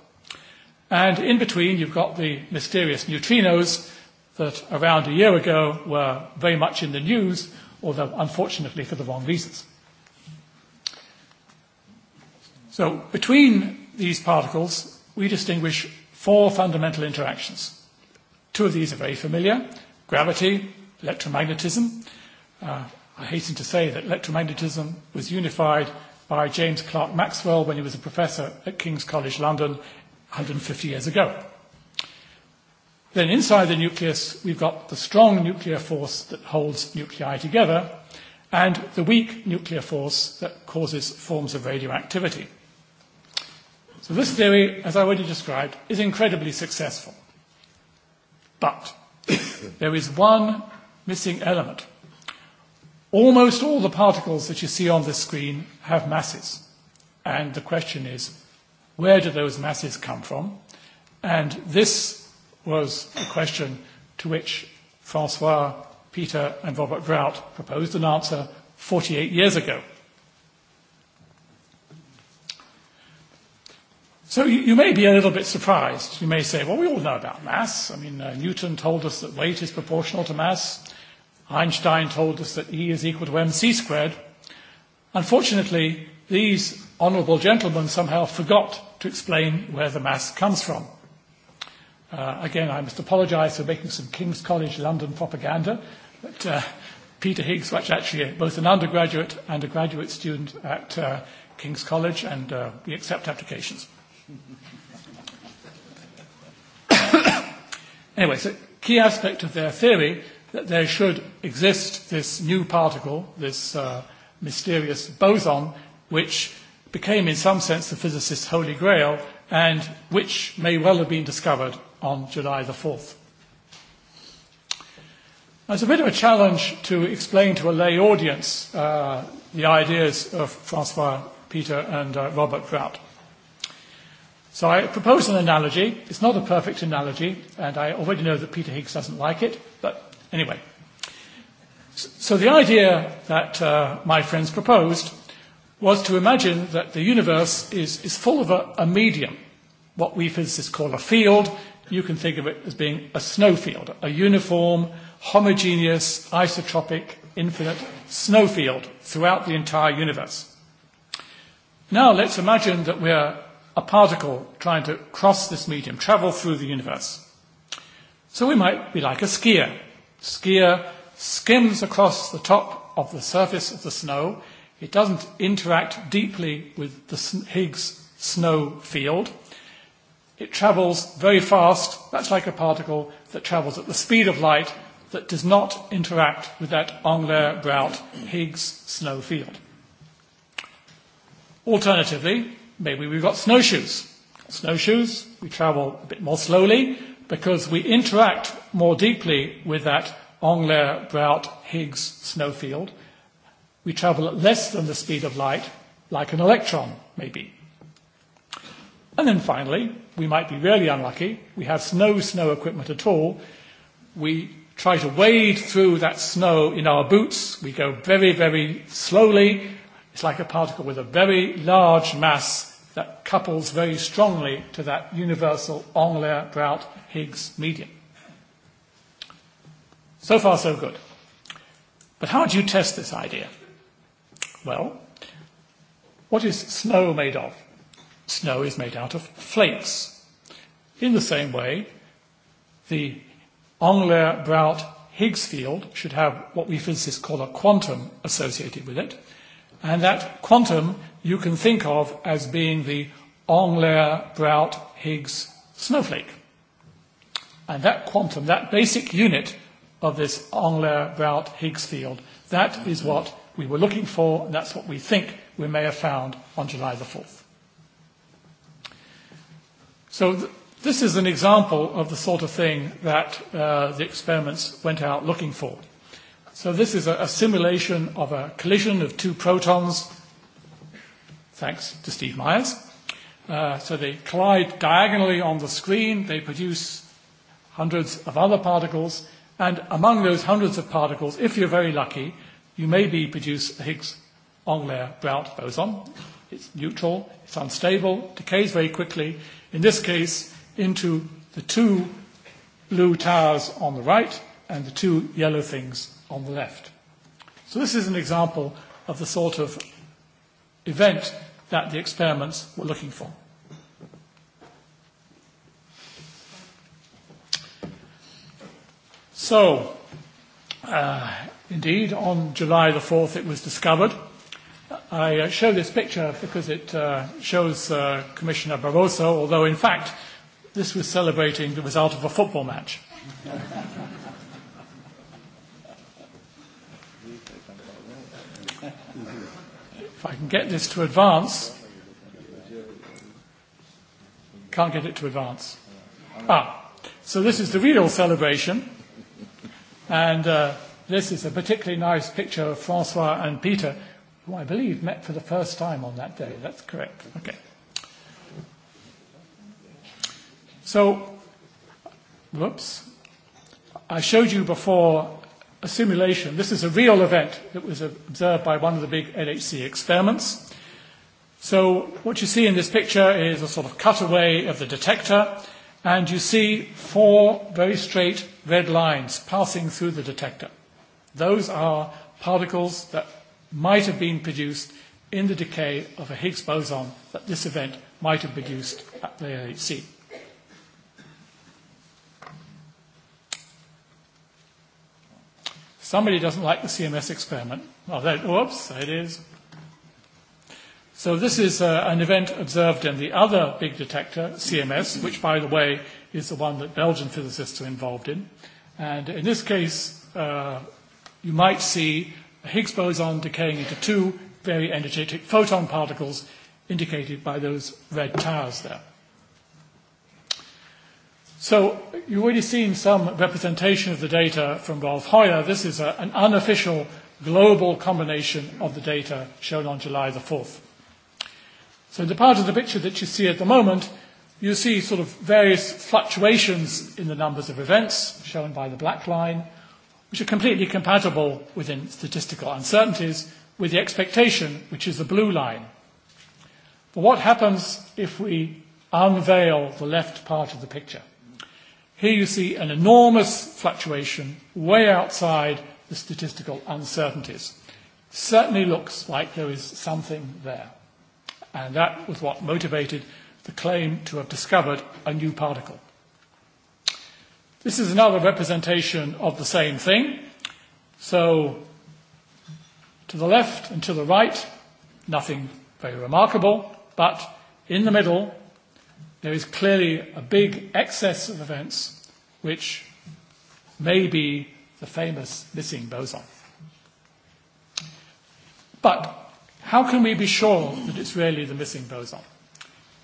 And in between, you've got the mysterious neutrinos that around a year ago were very much in the news, although unfortunately for the wrong reasons. So between these particles, we distinguish four fundamental interactions. Two of these are very familiar, gravity, electromagnetism. I hasten to say that electromagnetism was unified by James Clerk Maxwell when he was a professor at King's College London 150 years ago. Then inside the nucleus, we've got the strong nuclear force that holds nuclei together and the weak nuclear force that causes forms of radioactivity. So this theory, as I already described, is incredibly successful. But there is one missing element. Almost all the particles that you see on this screen have masses. And the question is, where do those masses come from? And this was a question to which Francois, Peter, and Robert Grout proposed an answer 48 years ago. So you may be a little bit surprised. You may say, well, we all know about mass. I mean, Newton told us that weight is proportional to mass. Einstein told us that E is equal to mc squared. Unfortunately, these honourable gentlemen somehow forgot to explain where the mass comes from. Again, I must apologise for making some King's College London propaganda, but Peter Higgs was actually both an undergraduate and a graduate student at King's College, and we accept applications. Anyway, so key aspect of their theory that there should exist this new particle, this mysterious boson, which became in some sense the physicist's holy grail and which may well have been discovered on July the 4th. It's a bit of a challenge to explain to a lay audience the ideas of Francois Peter and Robert Kraut. So I propose an analogy. It's not a perfect analogy, and I already know that Peter Higgs doesn't like it, but anyway. So the idea that my friends proposed was to imagine that the universe is, is full of a, medium, what we physicists call a field. You can think of it as being a snow field, a uniform, homogeneous, isotropic, infinite snow field throughout the entire universe. Now let's imagine that we're a particle trying to cross this medium, travel through the universe. So we might be like a skier. Skier skims across the top of the surface of the snow. It doesn't interact deeply with the Higgs snow field. It travels very fast. That's like a particle that travels at the speed of light that does not interact with that Englert-Brout Higgs snow field. Alternatively, maybe we've got snowshoes. Snowshoes, we travel a bit more slowly because we interact more deeply with that Ongler Brout, Higgs snowfield. We travel at less than the speed of light, like an electron, maybe. And then finally, we might be really unlucky. We have no snow equipment at all. We try to wade through that snow in our boots. We go very, very slowly It's like a particle with a very large mass that couples very strongly to that universal englert Braut higgs medium. So far, so good. But how do you test this idea? Well, what is snow made of? Snow is made out of flakes. In the same way, the englert Braut higgs field should have what we physicists call a quantum associated with it. And that quantum you can think of as being the Englert-Brout-Higgs snowflake. And that quantum, that basic unit of this Englert-Brout-Higgs field, that is what we were looking for, and that's what we think we may have found on July the 4th. So this is an example of the sort of thing that the experiments went out looking for. So this is a simulation of a collision of two protons, thanks to Steve Myers. So they collide diagonally on the screen, they produce hundreds of other particles, and among those hundreds of particles, if you're very lucky, you maybe produce a Higgs-Englert-Brout boson. It's neutral, it's unstable, decays very quickly, in this case into the two blue towers on the right and the two yellow things on the left. So this is an example of the sort of event that the experiments were looking for. So, indeed, on July the 4th it was discovered. I show this picture because it shows Commissioner Barroso, although in fact this was celebrating the result of a football match. If I can get this to advance. Can't get it to advance. Ah, so this is the real celebration. And uh, this is a particularly nice picture of Francois and Peter, who I believe met for the first time on that day. That's correct. Okay. So, whoops. I showed you before a simulation. This is a real event that was observed by one of the big LHC experiments. So what you see in this picture is a sort of cutaway of the detector, and you see four very straight red lines passing through the detector. Those are particles that might have been produced in the decay of a Higgs boson that this event might have produced at the LHC. Somebody doesn't like the CMS experiment. Well, that, oops, it is. So this is an event observed in the other big detector, CMS, which, by the way, is the one that Belgian physicists are involved in. And in this case, you might see a Higgs boson decaying into two very energetic photon particles indicated by those red towers there. So you've already seen some representation of the data from Rolf Hoyer. This is an unofficial global combination of the data shown on July the 4th. So in the part of the picture that you see at the moment, you see sort of various fluctuations in the numbers of events shown by the black line, which are completely compatible within statistical uncertainties with the expectation, which is the blue line. But what happens if we unveil the left part of the picture? Here you see an enormous fluctuation way outside the statistical uncertainties. Certainly looks like there is something there. And that was what motivated the claim to have discovered a new particle. This is another representation of the same thing. So to the left and to the right, nothing very remarkable, but in the middle, There is clearly a big excess of events which may be the famous missing boson. But how can we be sure that it's really the missing boson?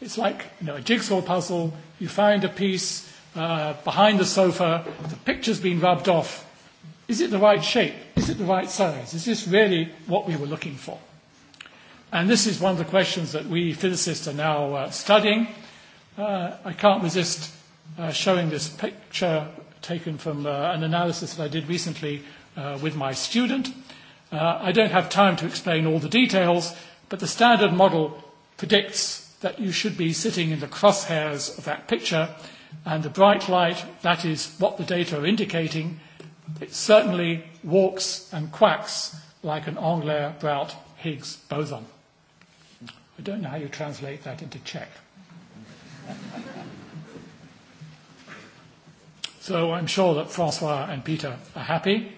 It's like you know, a jigsaw puzzle. You find a piece behind the sofa. The picture's been rubbed off. Is it the right shape? Is it the right size? Is this really what we were looking for? And this is one of the questions that we physicists are now studying. I can't resist showing this picture taken from an analysis that I did recently with my student. I don't have time to explain all the details, but the standard model predicts that you should be sitting in the crosshairs of that picture, and the bright light, that is what the data are indicating, it certainly walks and quacks like an Angler-Brout-Higgs boson. I don't know how you translate that into Czech. So I'm sure that Francois and Peter are happy.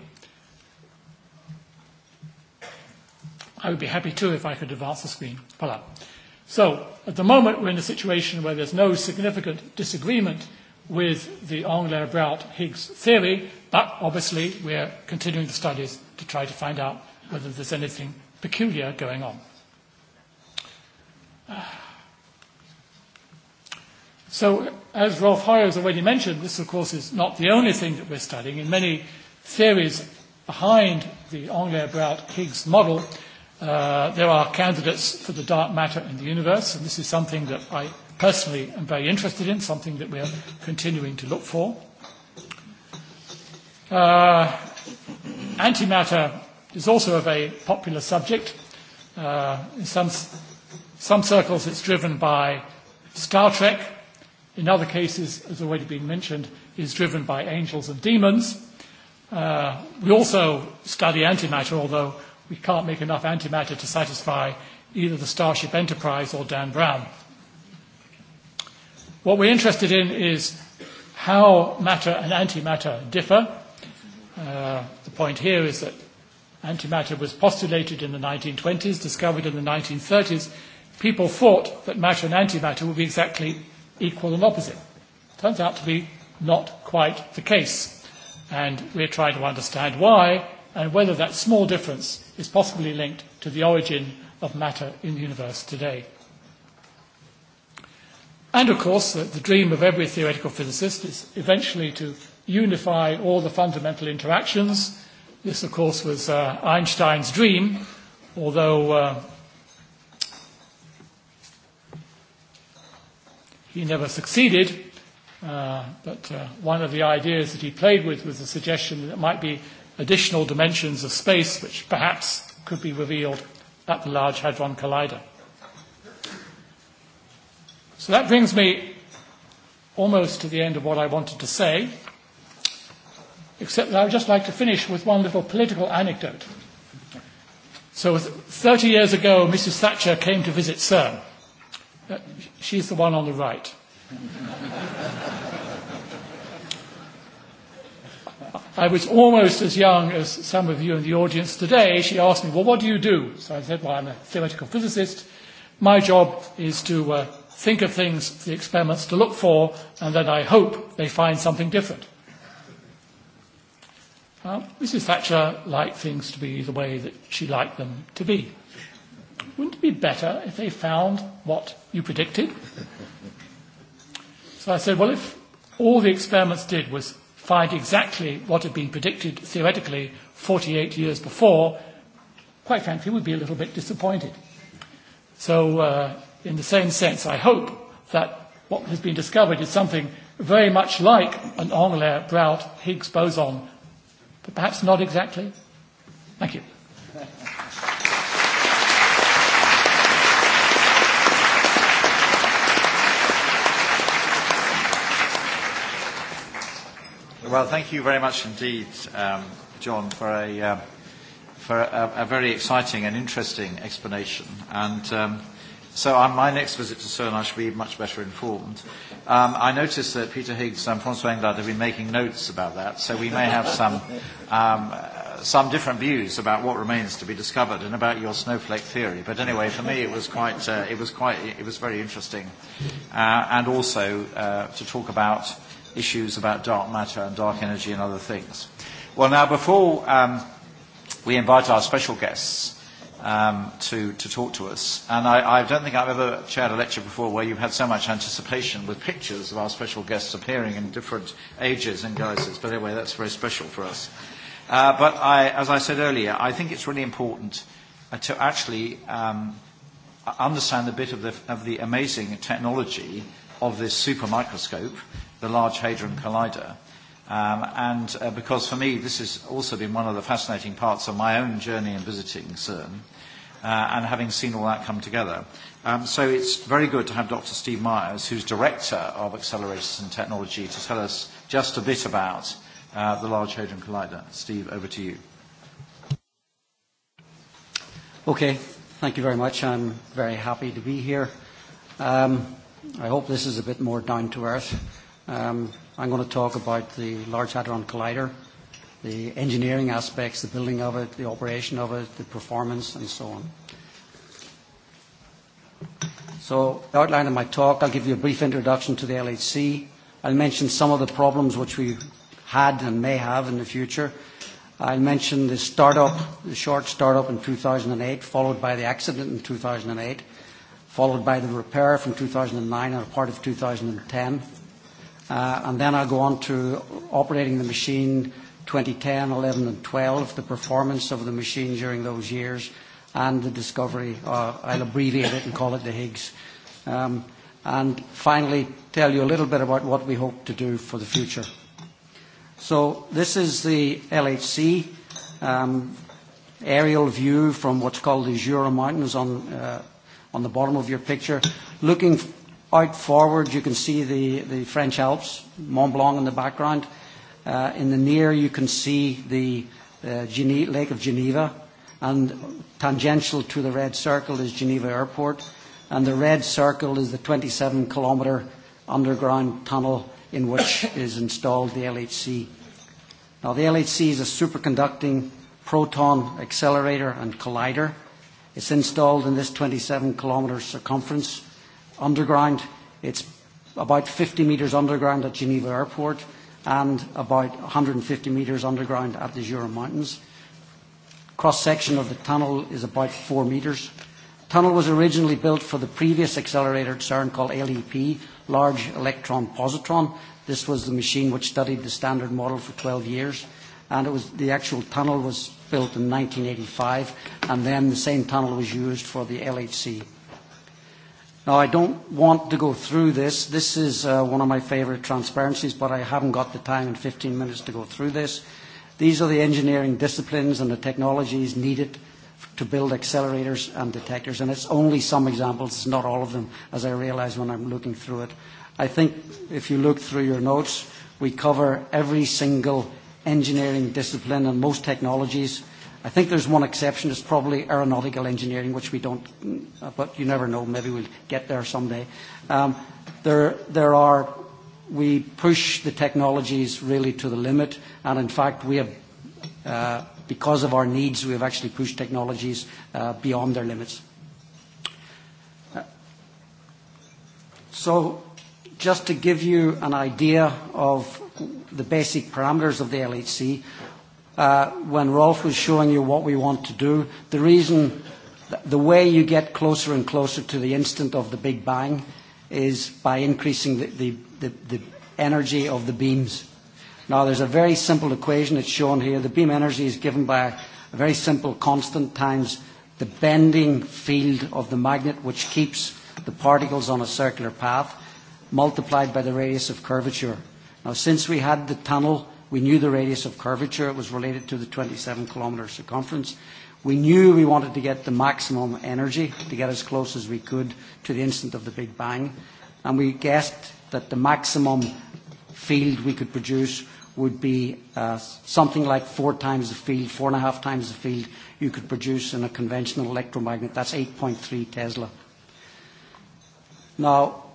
I would be happy too if I could advance the screen. Voilà. So at the moment we're in a situation where there's no significant disagreement with the Angler-Brout-Higgs theory, but obviously we're continuing the studies to try to find out whether there's anything peculiar going on. So as Rolf Hoyer has already mentioned, this of course is not the only thing that we're studying. In many theories behind the englert Braut higgs model, there are candidates for the dark matter in the universe, and this is something that I personally am very interested in, something that we are continuing to look for. Antimatter is also a very popular subject. In some circles it's driven by Star Trek, In other cases, as already been mentioned, is driven by angels and demons. We also study antimatter, although we can't make enough antimatter to satisfy either the Starship Enterprise or Dan Brown. What we're interested in is how matter and antimatter differ. The point here is that antimatter was postulated in the 1920s, discovered in the 1930s. People thought that matter and antimatter would be exactly equal and opposite. Turns out to be not quite the case. And we're trying to understand why and whether that small difference is possibly linked to the origin of matter in the universe today. And of course, the dream of every theoretical physicist is eventually to unify all the fundamental interactions. This, of course, was Einstein's dream, although He never succeeded, but one of the ideas that he played with was the suggestion that there might be additional dimensions of space which perhaps could be revealed at the Large Hadron Collider. So that brings me almost to the end of what I wanted to say, except that I would just like to finish with one little political anecdote. So 30 years ago, Mrs. Thatcher came to visit CERN. She's the one on the right. I was almost as young as some of you in the audience today. She asked me, well, what do you do? So I said, well, I'm a theoretical physicist. My job is to think of things, the experiments to look for, and then I hope they find something different. Mrs. Thatcher liked things to be the way that she liked them to be. Wouldn't it be better if they found what you predicted? So I said, well, if all the experiments did was find exactly what had been predicted theoretically 48 years before, quite frankly, we'd be a little bit disappointed. So in the same sense, I hope that what has been discovered is something very much like an engler brout higgs boson, but perhaps not exactly. Thank you. Well, thank you very much indeed, um, John, for a uh, for a, a very exciting and interesting explanation. And um, so, on my next visit to CERN, I shall be much better informed. Um, I noticed that Peter Higgs and François Englert have been making notes about that, so we may have some um, some different views about what remains to be discovered and about your snowflake theory. But anyway, for me, it was quite, uh, it was quite, it was very interesting, uh, and also uh, to talk about issues about dark matter and dark energy and other things. Well, now, before um, we invite our special guests um, to, to talk to us, and I, I don't think I've ever chaired a lecture before where you've had so much anticipation with pictures of our special guests appearing in different ages and guises, but anyway, that's very special for us. Uh, but I, as I said earlier, I think it's really important to actually um, understand a bit of the, of the amazing technology of this super microscope the Large Hadron Collider. And because for me this has also been one of the fascinating parts of my own journey in visiting CERN and having seen all that come together. So it's very good to have Dr. Steve Myers, who's Director of Accelerators and Technology, to tell us just a bit about the Large Hadron Collider. Steve, over to you. Okay, thank you very much. I'm very happy to be here. I hope this is a bit more down to earth I'm going to talk about the Large Hadron Collider, the engineering aspects, the building of it, the operation of it, the performance, and so on. So the outline of my talk, I'll give you a brief introduction to the LHC. I'll mention some of the problems which we had and may have in the future. I'll mention the startup, the short startup in 2008, followed by the accident in 2008, followed by the repair from 2009 and a part of 2010 and then I'll go on to operating the machine 2010, 11 and 12, the performance of the machine during those years, and the discovery. I'll abbreviate it and call it the Higgs. And finally, tell you a little bit about what we hope to do for the future. So this is the LHC aerial view from what's called the Jura Mountains on the bottom of your picture, looking Out forward, you can see the, the French Alps, Mont Blanc in the background. Uh, in the near, you can see the Lake of Geneva, and tangential to the red circle is Geneva Airport, and the red circle is the 27-kilometre underground tunnel in which is installed the LHC. Now, the LHC is a superconducting proton accelerator and collider. It's installed in this 27-kilometre circumference underground. It's about 50 meters underground at Geneva Airport and about 150 meters underground at the Jura Mountains. Cross-section of the tunnel is about 4 meters. Tunnel was originally built for the previous accelerator at CERN called LEP, Large Electron Positron. This was the machine which studied the standard model for 12 years, and it was the actual tunnel was built in 1985, and then the same tunnel was used for the LHC. Now, I don't want to go through this. This is one of my favorite transparencies, but I haven't got the time in 15 minutes to go through this. These are the engineering disciplines and the technologies needed to build accelerators and detectors, and it's only some examples, not all of them, as I realize when I'm looking through it. I think if you look through your notes, we cover every single engineering discipline and most technologies I think there's one exception. It's probably aeronautical engineering, which we don't, but you never know. Maybe we'll get there someday. There, there are, we push the technologies really to the limit, and in fact we have, because of our needs, we have actually pushed technologies beyond their limits. So, just to give you an idea of the basic parameters of the LHC, when Rolf was showing you what we want to do, the reason, the way you get closer and closer to the instant of the Big Bang is by increasing the energy of the beams. Now, there's a very simple equation that's shown here. The beam energy is given by a very simple constant times the bending field of the magnet, which keeps the particles on a circular path, multiplied by the radius of curvature. Now, since we had the tunnel We knew the radius of curvature. It was related to the 27-kilometer circumference. We knew we wanted to get the maximum energy to get as close as we could to the instant of the Big Bang. And we guessed that the maximum field we could produce would be something like four times the field, four and a half times the field you could produce in a conventional electromagnet. That's 8.3 Tesla. Now,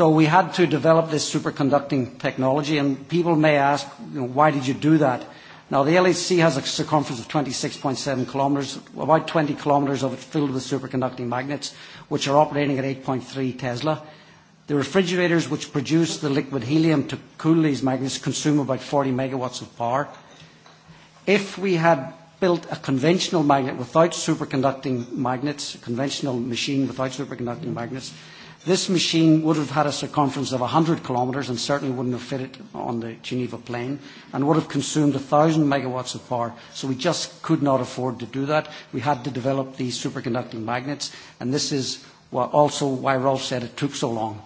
So we had to develop this superconducting technology, and people may ask, why did you do that? Now, the LHC has a circumference of 26.7 kilometers. About 20 kilometers of it filled with superconducting magnets, which are operating at 8.3 Tesla. The refrigerators which produce the liquid helium to cool these magnets consume about 40 megawatts of power. If we had built a conventional magnet without superconducting magnets, a conventional machine without superconducting magnets, This machine would have had a circumference of 100 kilometres and certainly wouldn't have fit it on the Geneva plane and would have consumed 1,000 megawatts of power. So we just could not afford to do that. We had to develop these superconducting magnets and this is also why Rolf said it took so long.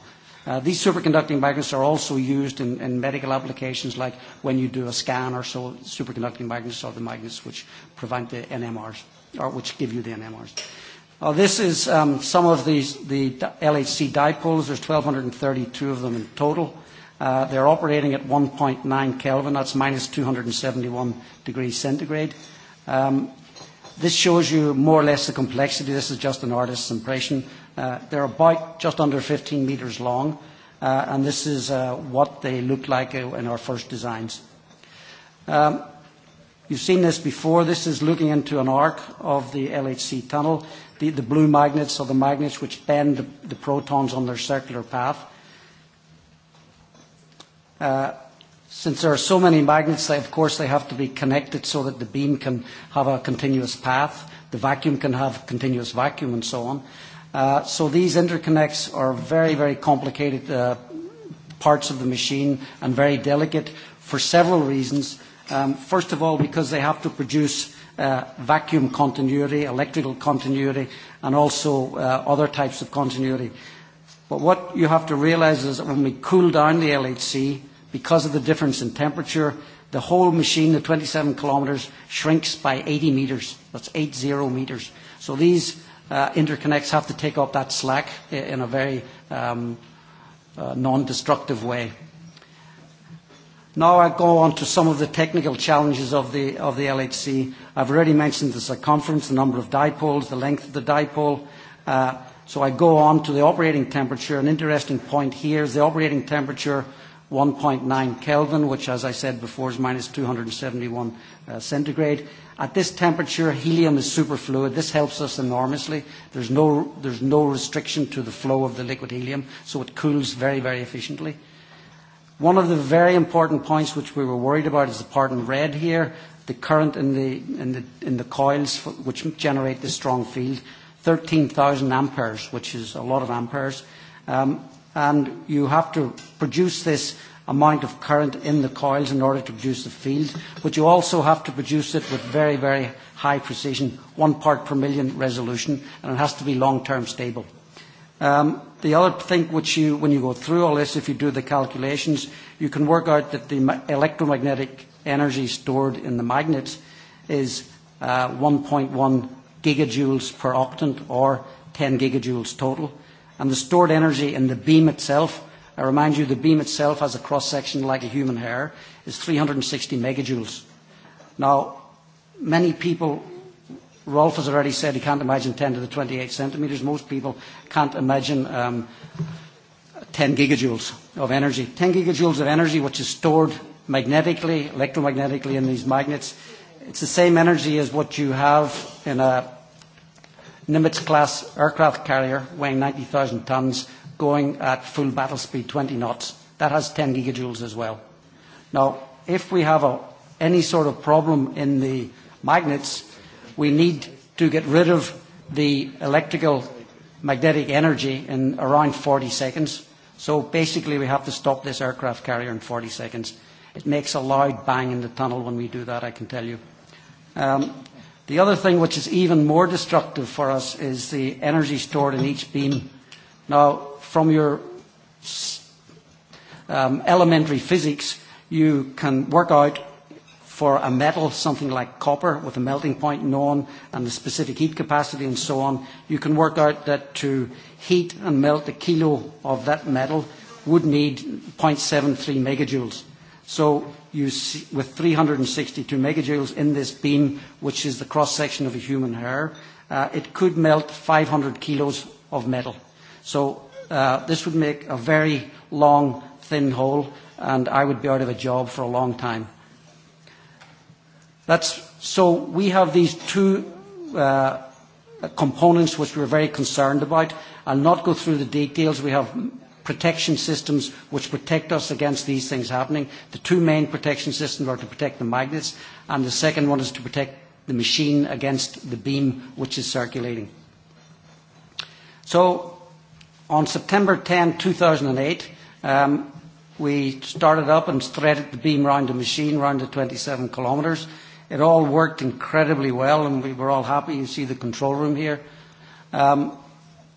These superconducting magnets are also used in medical applications like when you do a scan or so. Superconducting magnets are the magnets which prevent the NMRs or which give you the NMRs. This is some of these the LHC dipoles. There's 1,232 of them in total. They're operating at 1.9 Kelvin. That's minus 271 degrees centigrade. This shows you more or less the complexity. This is just an artist's impression. They're about just under 15 meters long, and this is what they look like in our first designs. You've seen this before. This is looking into an arc of the LHC tunnel. The blue magnets are the magnets which bend the protons on their circular path. Since there are so many magnets, of course, they have to be connected so that the beam can have a continuous path, the vacuum can have continuous vacuum, and so on. So these interconnects are very, very complicated parts of the machine and very delicate for several reasons First of all, because they have to produce vacuum continuity, electrical continuity, and also other types of continuity. But what you have to realize is that when we cool down the LHC, because of the difference in temperature, the whole machine, the 27 kilometers, shrinks by 80 meters. That's 80 meters. So these interconnects have to take up that slack in a very non-destructive way. Now I go on to some of the technical challenges of the LHC. I've already mentioned the circumference, the number of dipoles, the length of the dipole. So I go on to the operating temperature. An interesting point here is the operating temperature 1.9 Kelvin, which, as I said before, is minus 271 centigrade. At this temperature, helium is superfluid. This helps us enormously. There's no restriction to the flow of the liquid helium, so it cools very, very efficiently. One of the very important points which we were worried about is the part in red here, the current in the, in the, in the coils which generate the strong field, 13,000 amperes, which is a lot of amperes. and you have to produce this amount of current in the coils in order to produce the field, but you also have to produce it with very, very high precision, one part per million resolution, and it has to be long-term stable. The other thing which you, when you go through all this, if you do the calculations, you can work out that the electromagnetic energy stored in the magnets is 1.1 gigajoules per octant or 10 gigajoules total. And the stored energy in the beam itself, I remind you the beam itself has a cross-section like a human hair, is 360 megajoules. Now, many people Rolf has already said he can't imagine 10 to the 28 centimeters. Most people can't imagine 10 gigajoules of energy. 10 gigajoules of energy, which is stored magnetically, electromagnetically in these magnets. It's the same energy as what you have in a Nimitz class aircraft carrier weighing 90,000 tons going at full battle speed 20 knots. That has 10 gigajoules as well. Now, if we have any sort of problem in the magnets, we need to get rid of the electrical magnetic energy in around 40 seconds. So basically we have to stop this aircraft carrier in 40 seconds. It makes a loud bang in the tunnel when we do that, I can tell you. The other thing which is even more destructive for us is the energy stored in each beam. Now, from your elementary physics, you can work out for a metal, something like copper, with a melting point known and the specific heat capacity and so on, you can work out that to heat and melt a kilo of that metal would need 0.73 megajoules. So you see, with 362 megajoules in this beam, which is the cross-section of a human hair, it could melt 500 kilos of metal. So this would make a very long, thin hole, and I would be out of a job for a long time so we have these two components which we're very concerned about. I'll not go through the details. We have protection systems which protect us against these things happening. The two main protection systems are to protect the magnets and the second one is to protect the machine against the beam which is circulating. So on September 10, 2008, we started up and threaded the beam around the machine around the 27 kilometres It all worked incredibly well, and we were all happy. You see the control room here.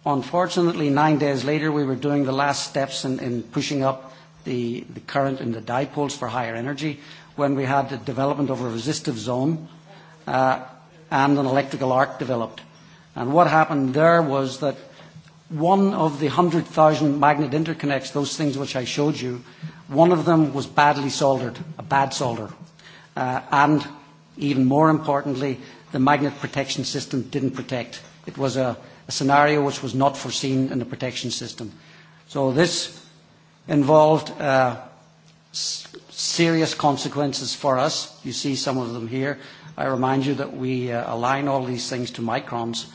unfortunately, nine days later, we were doing the last steps in, pushing up the, current in the dipoles for higher energy when we had the development of a resistive zone and an electrical arc developed. And what happened there was that one of the 100,000 magnet interconnects, those things which I showed you, one of them was badly soldered, a bad solder. and Even more importantly, the magnet protection system didn't protect. It was a scenario which was not foreseen in the protection system. So this involved serious consequences for us. You see some of them here. I remind you that we align all these things to microns.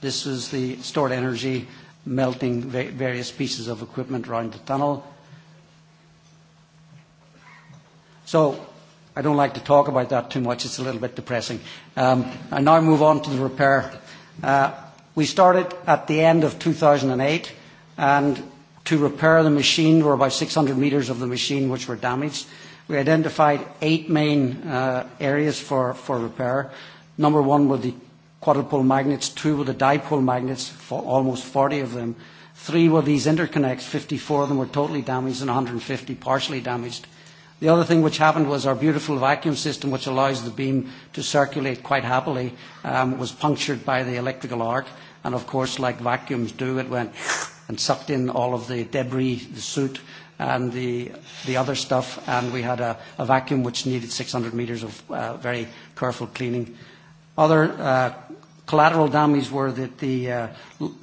This is the stored energy melting various pieces of equipment around the tunnel. So I don't like to talk about that too much. It's a little bit depressing. I now move on to the repair. We started at the end of 2008, and to repair the machine, there were about 600 metres of the machine which were damaged. We identified eight main areas for repair. Number one were the quadrupole magnets, two were the dipole magnets, for almost 40 of them. Three were these interconnects, 54 of them were totally damaged and 150 partially damaged. The other thing which happened was our beautiful vacuum system, which allows the beam to circulate quite happily, was punctured by the electrical arc. And of course, like vacuums do, it went and sucked in all of the debris, the soot, and the, the other stuff. And we had a, a vacuum which needed 600 meters of very careful cleaning. Other collateral damage were that the,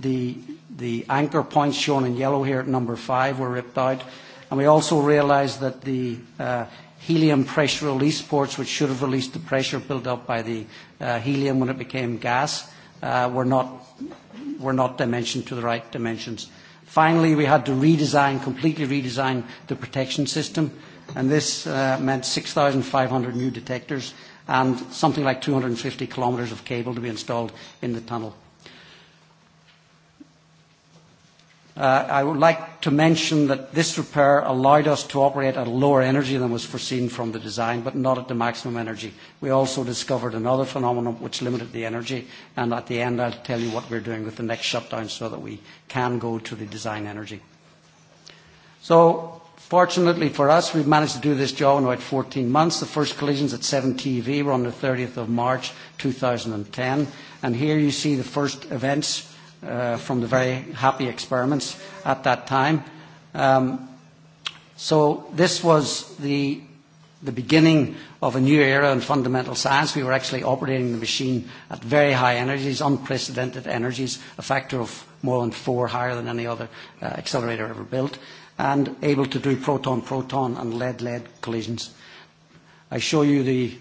the, the anchor points shown in yellow here at number five were ripped out And we also realized that the helium pressure release ports, which should have released the pressure built up by the helium when it became gas, were not dimensioned to the right dimensions. Finally, we had to redesign, completely redesign the protection system, and this meant 6,500 new detectors and something like 250 kilometers of cable to be installed in the tunnel. I would like to mention that this repair allowed us to operate at a lower energy than was foreseen from the design, but not at the maximum energy. We also discovered another phenomenon which limited the energy, and at the end I'll tell you what we're doing with the next shutdown so that we can go to the design energy. So fortunately for us, we've managed to do this job in about 14 months. The first collisions at 7 TV were on the 30th of March 2010, and here you see the first events from the very happy experiments at that time. So this was the the beginning of a new era in fundamental science. We were actually operating the machine at very high energies, unprecedented energies, a factor of more than four higher than any other accelerator ever built, and able to do proton-proton and lead-lead collisions. I show you the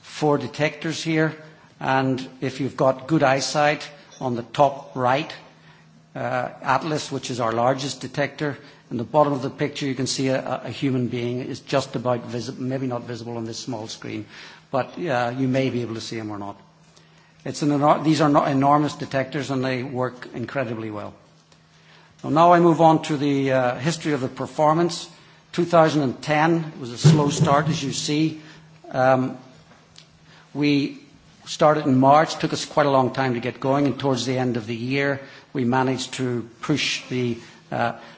four detectors here, and if you've got good eyesight, on the top right, Atlas, which is our largest detector. In the bottom of the picture, you can see a human being is just about visible, maybe not visible on this small screen, but you may be able to see him or not. These are enormous detectors, and they work incredibly well. Now I move on to the history of the performance. 2010 was a slow start, as you see. We started in March, took us quite a long time to get going, and towards the end of the year we managed to push the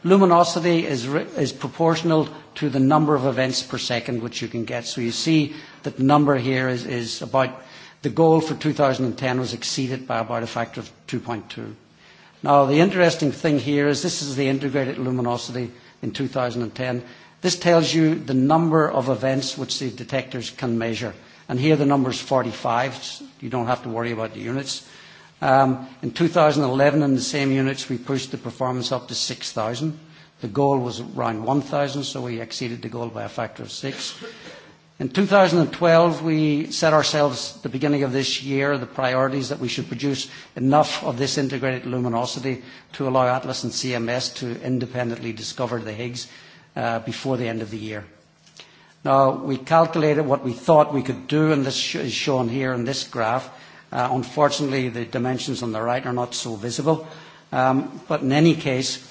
luminosity is proportional to the number of events per second which you can get. So you see that the number here is about the goal for 2010 was exceeded by about a factor of 2.2. Now the interesting thing here is this is the integrated luminosity in 2010. This tells you the number of events which the detectors can measure and here the number is 45. You don't have to worry about the units. In 2011, in the same units, we pushed the performance up to 6,000. The goal was around 1,000, so we exceeded the goal by a factor of six. In 2012, we set ourselves, at the beginning of this year, the priorities that we should produce enough of this integrated luminosity to allow ATLAS and CMS to independently discover the Higgs before the end of the year. Now, we calculated what we thought we could do, and this is shown here in this graph. Unfortunately, the dimensions on the right are not so visible. But in any case,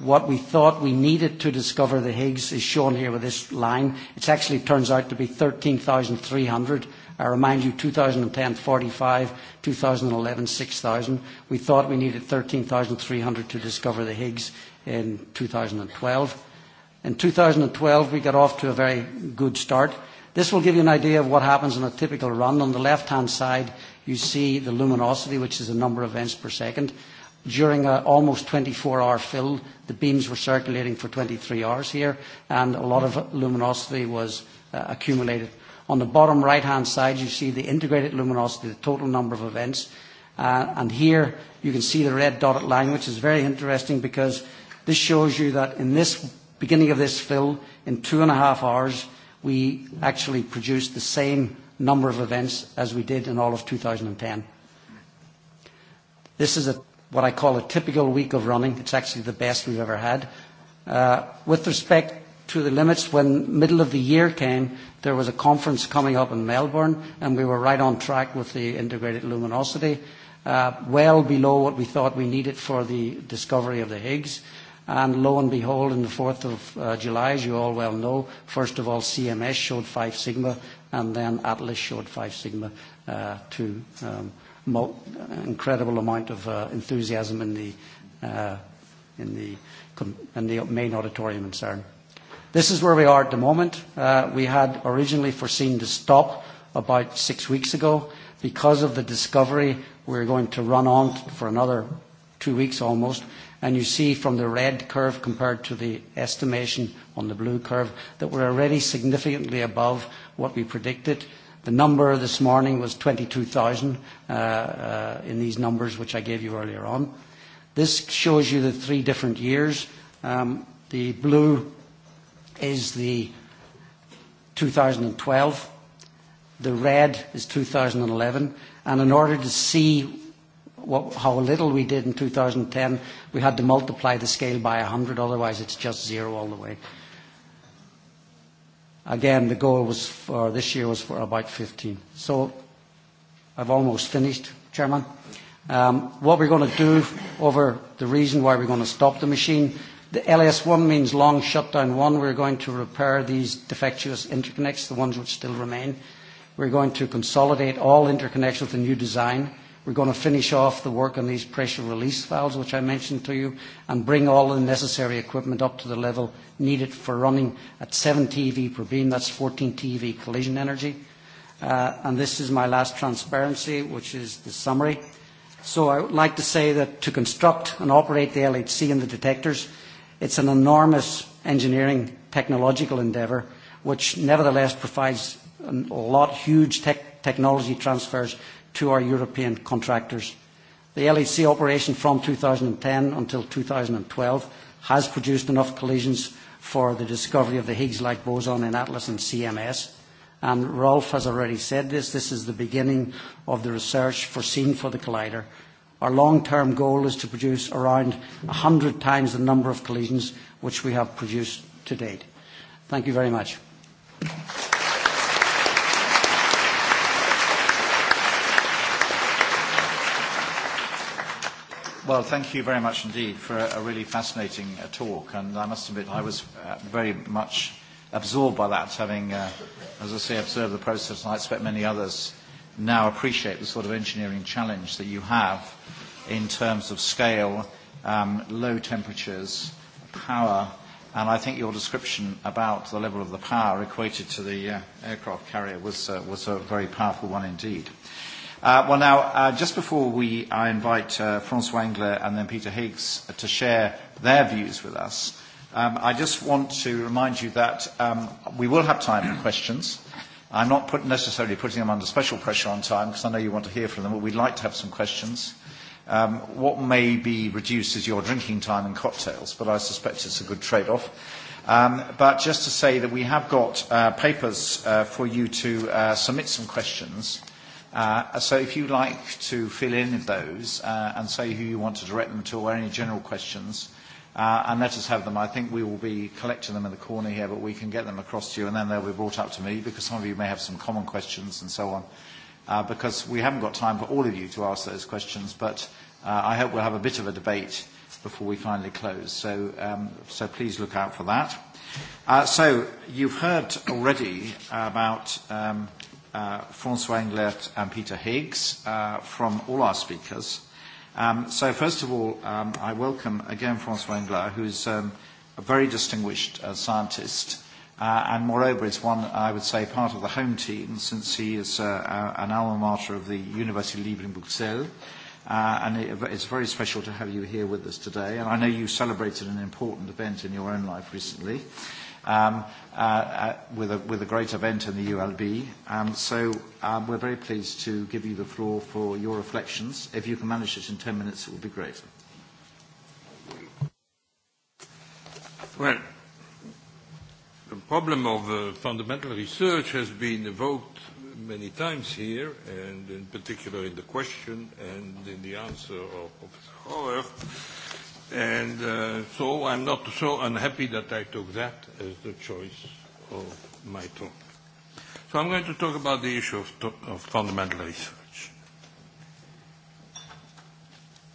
what we thought we needed to discover the Higgs is shown here with this line. It actually turns out to be 13,300. I remind you, 2010, 45, 2011, 6,000. We thought we needed 13,300 to discover the Higgs in 2012. In 2012, we got off to a very good start. This will give you an idea of what happens in a typical run. On the left-hand side, you see the luminosity, which is the number of events per second. During an almost 24-hour fill, the beams were circulating for 23 hours here, and a lot of luminosity was accumulated. On the bottom right-hand side, you see the integrated luminosity, the total number of events. And here you can see the red dotted line, which is very interesting because this shows you that in this beginning of this fill, in two and a half hours, we actually produced the same number of events as we did in all of 2010. This is what I call a typical week of running. It's actually the best we've ever had. With respect to the limits, when middle of the year came, there was a conference coming up in Melbourne, and we were right on track with the integrated luminosity, well below what we thought we needed for the discovery of the Higgs. And lo and behold, on the 4th of July, as you all well know, first of all CMS showed Five Sigma, and then Atlas showed Five Sigma to incredible amount of enthusiasm in the in the in the main auditorium in CERN. This is where we are at the moment. We had originally foreseen to stop about six weeks ago. Because of the discovery, we're going to run on for another two weeks almost And you see from the red curve compared to the estimation on the blue curve that we're already significantly above what we predicted. The number this morning was 22,000 in these numbers which I gave you earlier on. This shows you the three different years. The blue is the 2012, the red is 2011, and in order to see how little we did in 2010, we had to multiply the scale by 100, otherwise it's just zero all the way. Again, the goal was for this year was for about 15. So I've almost finished, Chairman. What we're going to do over the reason why we're going to stop the machine, the LS1 means long shutdown one. We're going to repair these defectuous interconnects, the ones which still remain. We're going to consolidate all interconnections with a new design. We're going to finish off the work on these pressure release valves, which I mentioned to you, and bring all the necessary equipment up to the level needed for running at 7 TV per beam. That's 14 TV collision energy. And this is my last transparency, which is the summary. So I would like to say that to construct and operate the LHC and the detectors, it's an enormous engineering technological endeavor which nevertheless provides a lot huge technology transfers to our European contractors. The LEC operation from 2010 until 2012 has produced enough collisions for the discovery of the Higgs-like boson in ATLAS and CMS. And Rolf has already said this. This is the beginning of the research foreseen for the collider. Our long-term goal is to produce around 100 times the number of collisions which we have produced to date. Thank you very much. Well, thank you very much indeed for a really fascinating talk, and I must admit I was very much absorbed by that, having, as I say, observed the process, and I expect many others now appreciate the sort of engineering challenge that you have in terms of scale, um low temperatures, power, and I think your description about the level of the power equated to the aircraft carrier was was a very powerful one indeed. Well, now, just before we, I invite Francois Engler and then Peter Higgs to share their views with us. um I just want to remind you that um we will have time for questions. I'm not necessarily putting them under special pressure on time because I know you want to hear from them, but we'd like to have some questions. Um What may be reduced is your drinking time and cocktails, but I suspect it's a good trade-off. Um But just to say that we have got papers for you to submit some questions So if you'd like to fill in those and say who you want to direct them to or any general questions, and let us have them. I think we will be collecting them in the corner here, but we can get them across to you, and then they'll be brought up to me because some of you may have some common questions and so on, because we haven't got time for all of you to ask those questions, but I hope we'll have a bit of a debate before we finally close. So, so please look out for that. So you've heard already about François Englert and Peter Higgs from all our speakers. So first of all, I welcome again François Englert, who is a very distinguished scientist and moreover is one, I would say, part of the home team since he is an alma mater of the University Libre in Bruxelles. And it's very special to have you here with us today. And I know you celebrated an important event in your own life recently with a with a great event in the ULB. So we're very pleased to give you the floor for your reflections. If you can manage it in 10 minutes, it will be great. Well, the problem of fundamental research has been evoked many times here, and in particular in the question and in the answer of Professor Hoer. And so I'm not so unhappy that I took that as the choice of my talk. So I'm going to talk about the issue of fundamental research.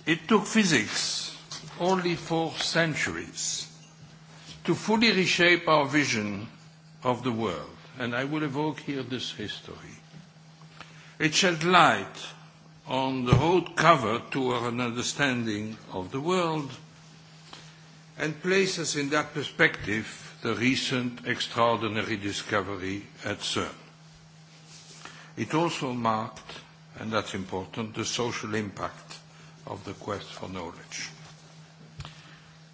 It took physics only four centuries to fully reshape our vision of the world, and I will evoke here this history. It shed light on the road cover to an understanding of the world and places in that perspective the recent extraordinary discovery at CERN. It also marked, and that's important, the social impact of the quest for knowledge.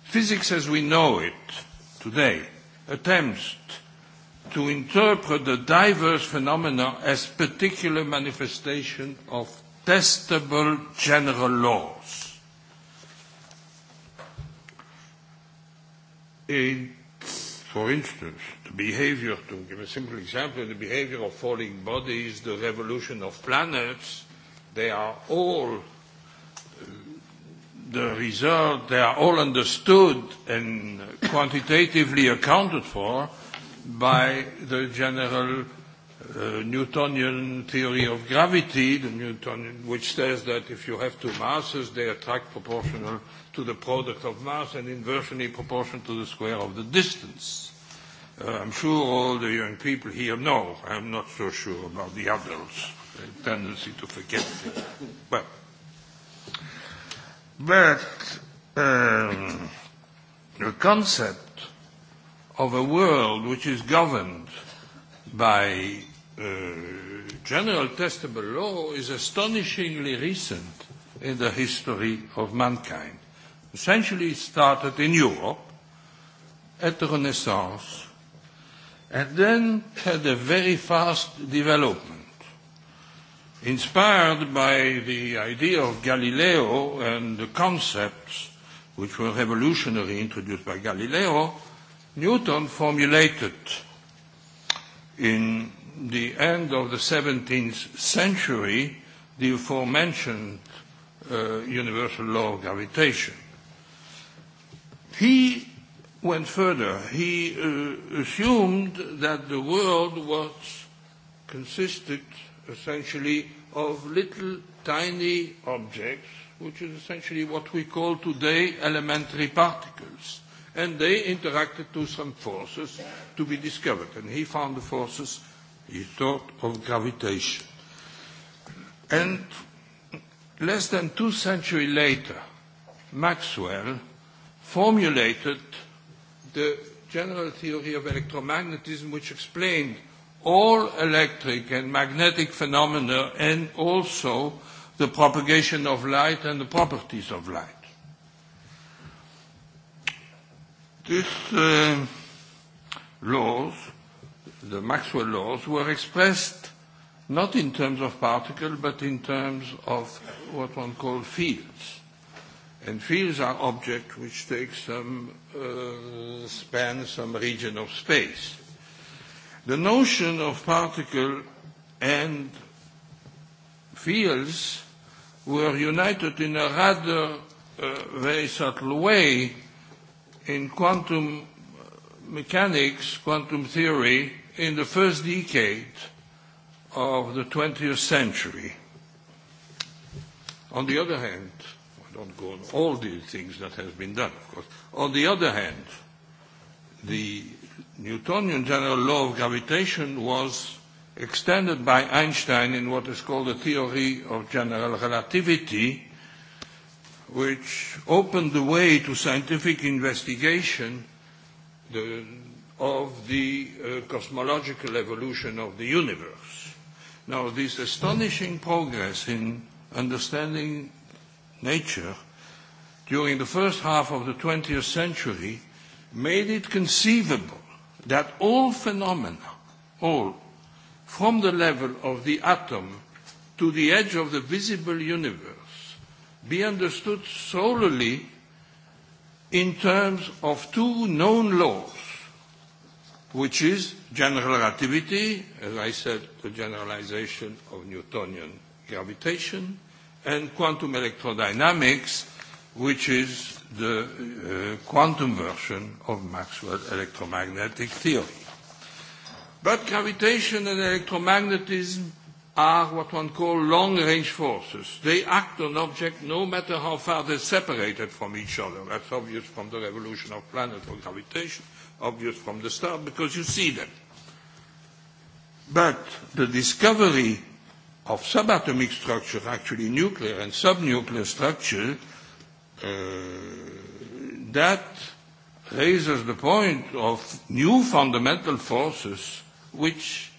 Physics as we know it today attempts to interpret the diverse phenomena as particular manifestation of testable general laws in, for instance, the behavior, to give a simple example, the behavior of falling bodies, the revolution of planets, they are all the result, they are all understood and quantitatively accounted for by the general Newtonian theory of gravity, the Newtonian, which says that if you have two masses, they attract proportional to the product of mass and inversely proportional to the square of the distance. I'm sure all the young people here know. I'm not so sure about the adults. tendency to forget things. but the concept of a world which is governed by general testable law is astonishingly recent in the history of mankind. Essentially, it started in Europe at the Renaissance and then had a very fast development. Inspired by the idea of Galileo and the concepts which were revolutionary introduced by Galileo, Newton formulated in the end of the 17th century the aforementioned universal law of gravitation. He went further. He assumed that the world was consisted essentially of little tiny objects, which is essentially what we call today elementary particles. And they interacted to some forces to be discovered. And he found the forces he thought of gravitation. And less than two centuries later, Maxwell formulated the general theory of electromagnetism which explained all electric and magnetic phenomena and also the propagation of light and the properties of light. These laws the Maxwell laws were expressed not in terms of particle but in terms of what one calls fields. And fields are objects which take some span, some region of space. The notion of particle and fields were united in a rather very subtle way in quantum mechanics, quantum theory, in the first decade of the 20th century. On the other hand, I don't go on all the things that have been done, of course. On the other hand, the Newtonian general law of gravitation was extended by Einstein in what is called the theory of general relativity, which opened the way to scientific investigation. The of the cosmological evolution of the universe. Now, this astonishing progress in understanding nature during the first half of the 20th century made it conceivable that all phenomena, all, from the level of the atom to the edge of the visible universe, be understood solely in terms of two known laws which is general relativity, as I said, the generalization of Newtonian gravitation, and quantum electrodynamics, which is the quantum version of Maxwell's electromagnetic theory. But gravitation and electromagnetism are what one calls long-range forces. They act on objects no matter how far they're separated from each other. That's obvious from the revolution of planet or gravitation obvious from the start because you see them. But the discovery of subatomic structure, actually nuclear and subnuclear structure, that raises the point of new fundamental forces which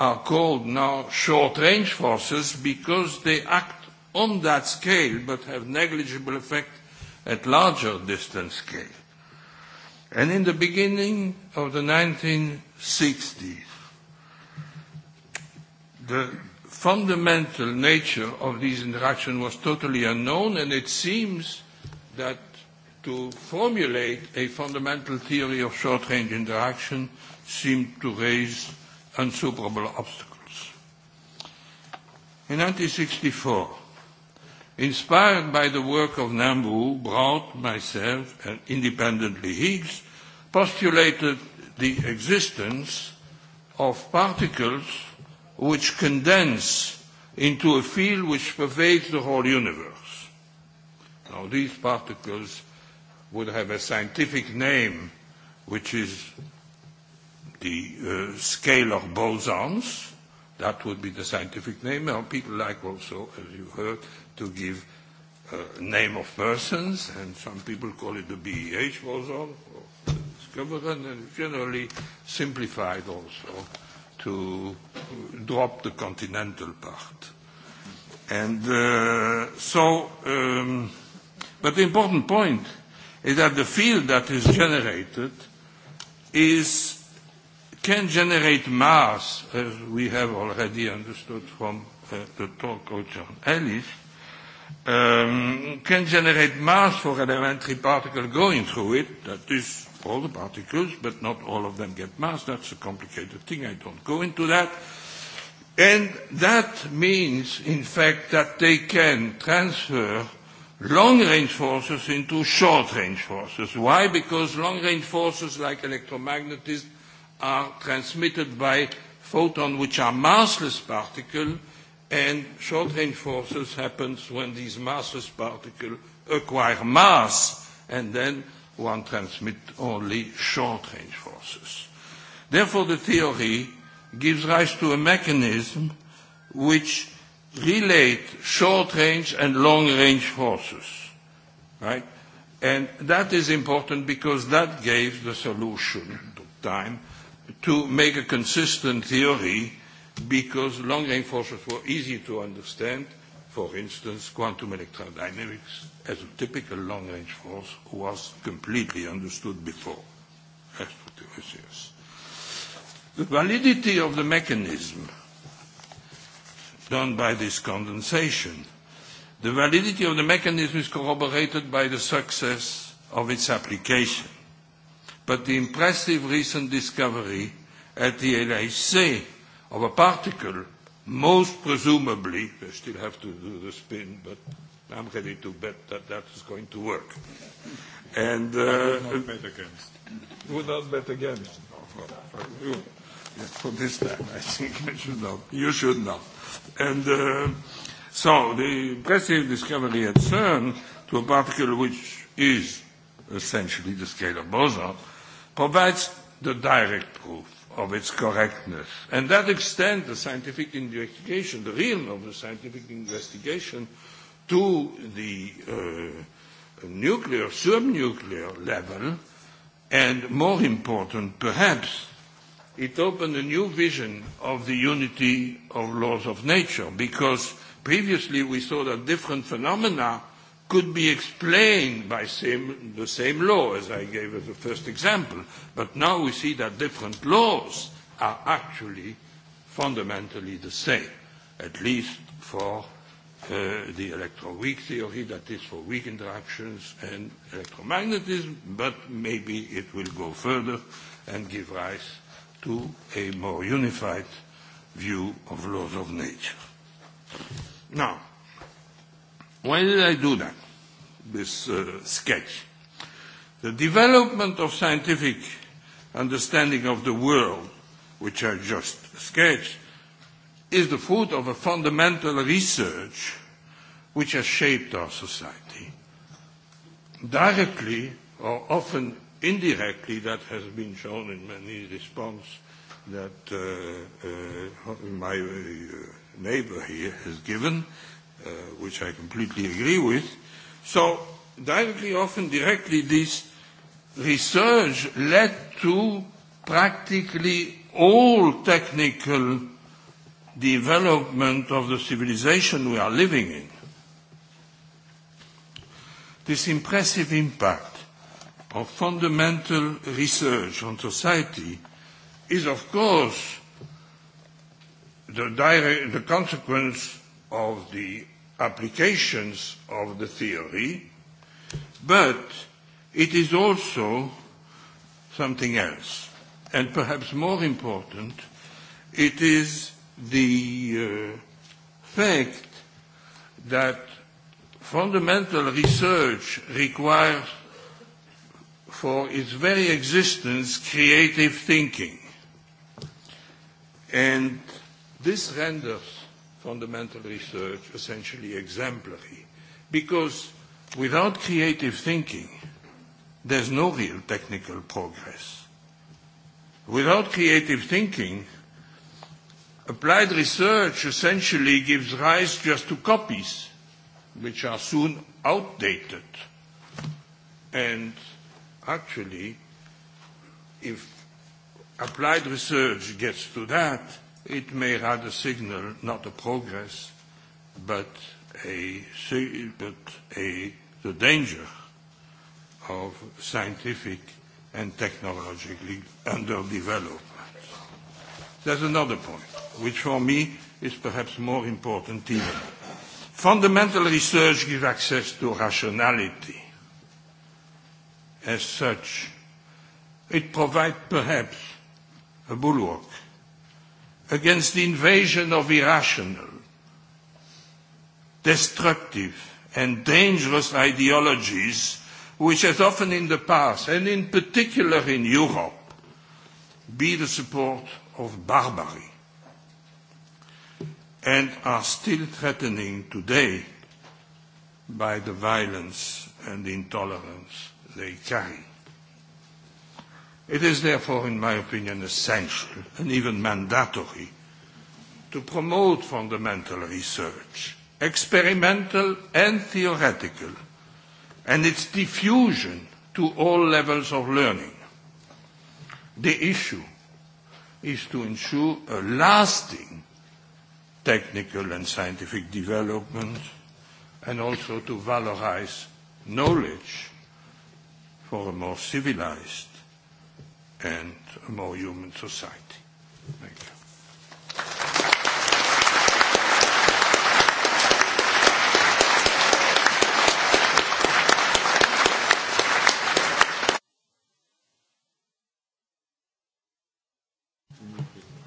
are called now short-range forces because they act on that scale but have negligible effect at larger distance scale. And in the beginning of the 1960s, the fundamental nature of these interactions was totally unknown, and it seems that to formulate a fundamental theory of short-range interaction seemed to raise unsuperable obstacles. In 1964, Inspired by the work of Nambu, Brandt, myself, and independently Higgs, postulated the existence of particles which condense into a field which pervades the whole universe. Now, these particles would have a scientific name, which is the scale of bosons. That would be the scientific name. Now, people like also, as you heard, to give name of persons, and some people call it the BEH boson or discoverant and generally simplified also to drop the continental part. And so, but the important point is that the field that is generated is can generate mass, as we have already understood from the talk of John Ellis, um, can generate mass for elementary particle going through it. That is all the particles, but not all of them get mass. That's a complicated thing. I don't go into that. And that means, in fact, that they can transfer long-range forces into short-range forces. Why? Because long-range forces like electromagnetism are transmitted by photons which are massless particles And short-range forces happens when these massless particles acquire mass, and then one transmits only short-range forces. Therefore, the theory gives rise to a mechanism which relates short-range and long-range forces. Right? And that is important because that gave the solution to time to make a consistent theory because long range forces were easy to understand. For instance, quantum electrodynamics as a typical long-range force was completely understood before. The validity of the mechanism done by this condensation, the validity of the mechanism is corroborated by the success of its application. But the impressive recent discovery at the LHC of a particle, most presumably, I still have to do the spin, but I'm ready to bet that that is going to work. And would not bet against. Would not bet against. For this time, I think I should not. You should not. And so the impressive discovery at CERN to a particle which is essentially the scale of boson provides the direct proof of its correctness. And that extends the scientific investigation, the realm of the scientific investigation, to the nuclear, subnuclear level, and more important, perhaps, it opened a new vision of the unity of laws of nature, because previously we saw that different phenomena could be explained by the same law, as I gave as the first example. But now we see that different laws are actually fundamentally the same, at least for the electroweak theory, that is for weak interactions and electromagnetism, but maybe it will go further and give rise to a more unified view of laws of nature. Now, Why did I do that? This sketch. The development of scientific understanding of the world, which I just sketched, is the fruit of a fundamental research which has shaped our society. Directly or often indirectly, that has been shown in many response that my neighbor here has given, which I completely agree with. So directly, often directly, this research led to practically all technical development of the civilization we are living in. This impressive impact of fundamental research on society is, of course, the consequence of the applications of the theory, but it is also something else. And perhaps more important, it is the fact that fundamental research requires for its very existence creative thinking. And this renders fundamental research essentially exemplary. Because without creative thinking, there's no real technical progress. Without creative thinking, applied research essentially gives rise just to copies, which are soon outdated. And actually, if applied research gets to that, it may rather signal not a progress, but a but a the danger of scientific and technologically underdevelopment. There's another point, which for me is perhaps more important even. Fundamental research gives access to rationality. As such, it provides perhaps a bulwark against the invasion of irrational, destructive and dangerous ideologies which has often in the past, and in particular in Europe, be the support of barbary and are still threatening today by the violence and intolerance they carry. It is therefore, in my opinion, essential and even mandatory to promote fundamental research, experimental and theoretical, and its diffusion to all levels of learning. The issue is to ensure a lasting technical and scientific development and also to valorize knowledge for a more civilized and a more human society.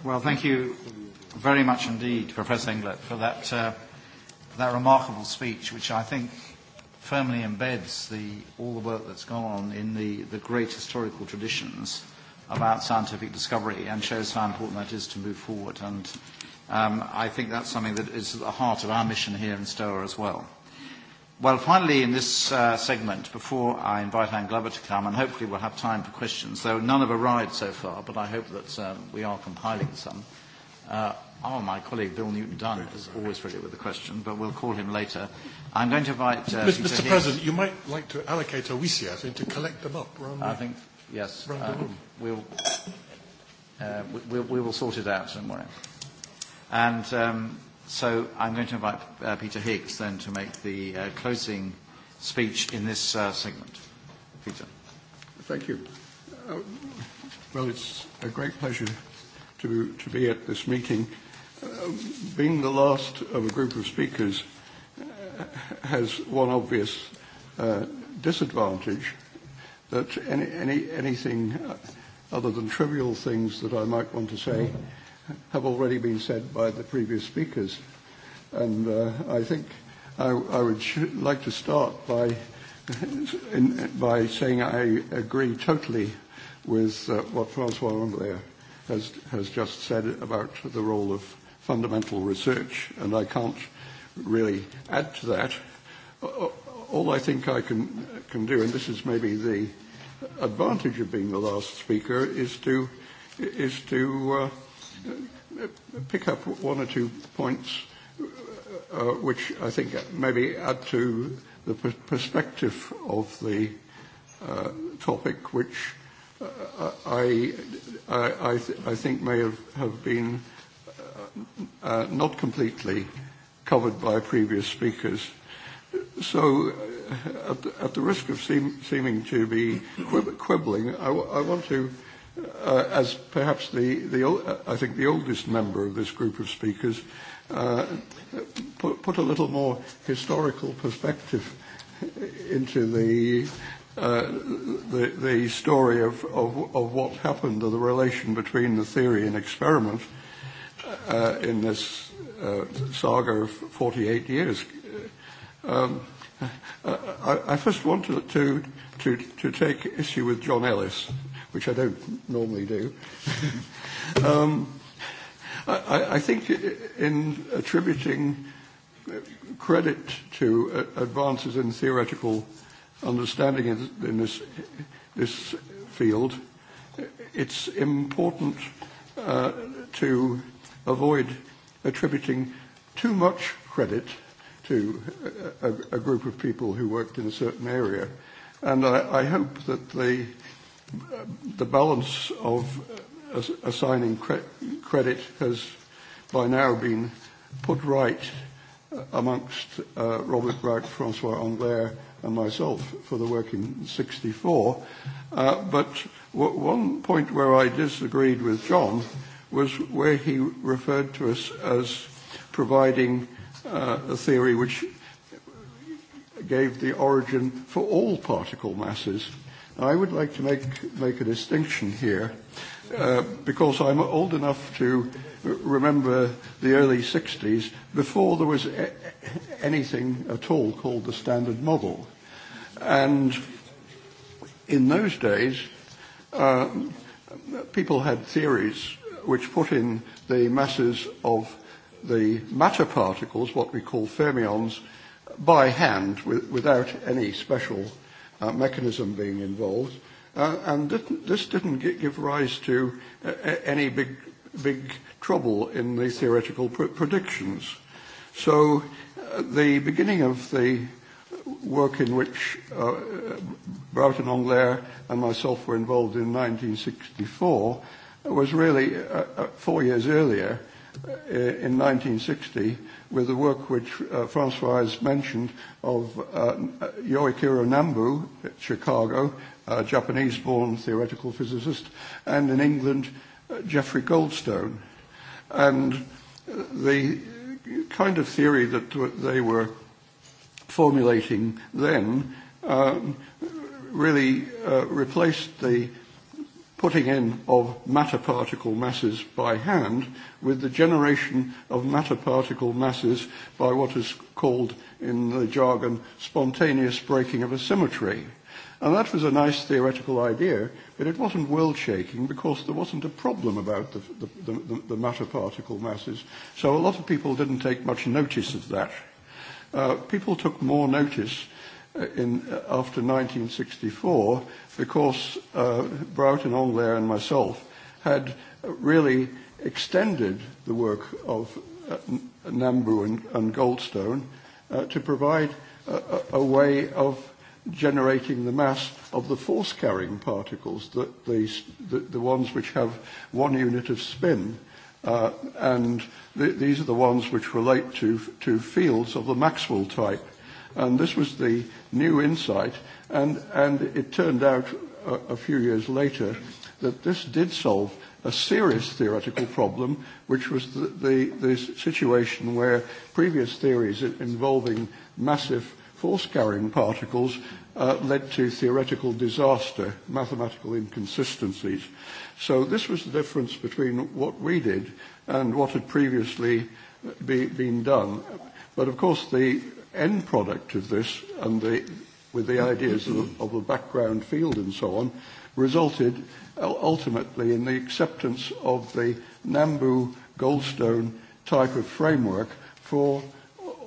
Well, thank you very much indeed, Professor Englert, for that, that remarkable speech, which I think firmly embeds the, all the work that's gone on in the, the great historical traditions about scientific discovery and shows how important that is to move forward. And I think that's something that is at the heart of our mission here in STOA as well. Well, finally, in this segment, before I invite Anne Glover to come, and hopefully we'll have time for questions, though none have arrived so far, but I hope that we are compiling some. Oh, my colleague Bill Newton-Dunn is always ready with a question, but we'll call him later. I'm going to invite... Mr. President, you might like to allocate a I to collect them up. I think Yes. we will sort it out worry. And so I'm going to invite Peter Higgs then to make the closing speech in this segment. Peter. Thank you. Well, it's a great pleasure to to be at this meeting. Being the last of a group of speakers has one obvious disadvantage that any, anything other than trivial things that I might want to say have already been said by the previous speakers. And I think I, I would like to start by, in, by saying I agree totally with what Francois Anglais has, has just said about the role of fundamental research, and I can't really add to that. All I think I can, can do, and this is maybe the advantage of being the last speaker is to is to pick up one or two points which I think maybe add to the perspective of the topic, which I I I think may have have been not completely covered by previous speakers. So at the risk of seeming to be quibbling, I want to, as perhaps the, I think the oldest member of this group of speakers, put a little more historical perspective into the the the story of of what happened to the relation between the theory and experiment in this saga of 48 years. Um I first want to to to take issue with John Ellis, which I don't normally do. I think in attributing credit to advances in theoretical understanding in this this field, it's important to avoid attributing too much credit to a, a group of people who worked in a certain area. And I, I hope that the, the balance of assigning credit has by now been put right amongst Robert Bragg, Francois Anglaire, and myself for the work in 64. But one point where I disagreed with John was where he referred to us as providing a theory which gave the origin for all particle masses. I would like to make make a distinction here because I'm old enough to remember the early 60s before there was anything at all called the Standard Model. And in those days, people had theories which put in the masses of the matter particles, what we call fermions, by hand without any special mechanism being involved. And this didn't give rise to any big big trouble in the theoretical predictions. So the beginning of the work in which Broughton and myself were involved in 1964 was really four years earlier in 1960 with the work which Francois has mentioned of Yoichiro Nambu at Chicago, a Japanese-born theoretical physicist, and in England, Geoffrey Goldstone. And the kind of theory that they were formulating then really replaced the putting in of matter particle masses by hand with the generation of matter particle masses by what is called in the jargon spontaneous breaking of a symmetry. And that was a nice theoretical idea, but it wasn't world-shaking because there wasn't a problem about the, the, the, the matter particle masses. So a lot of people didn't take much notice of that. people took more notice in, after 1964 because uh, Broughton Ongler and myself had really extended the work of uh, Nambu and, and Goldstone uh, to provide a, a way of generating the mass of the force-carrying particles, the, the, the ones which have one unit of spin, uh, and th these are the ones which relate to, to fields of the Maxwell type And this was the new insight. And, and it turned out a, a few years later that this did solve a serious theoretical problem, which was the, the, the situation where previous theories involving massive force-carrying particles led to theoretical disaster, mathematical inconsistencies. So this was the difference between what we did and what had previously been done. But of course, the end product of this and the, with the ideas of, of the background field and so on resulted ultimately in the acceptance of the Nambu Goldstone type of framework for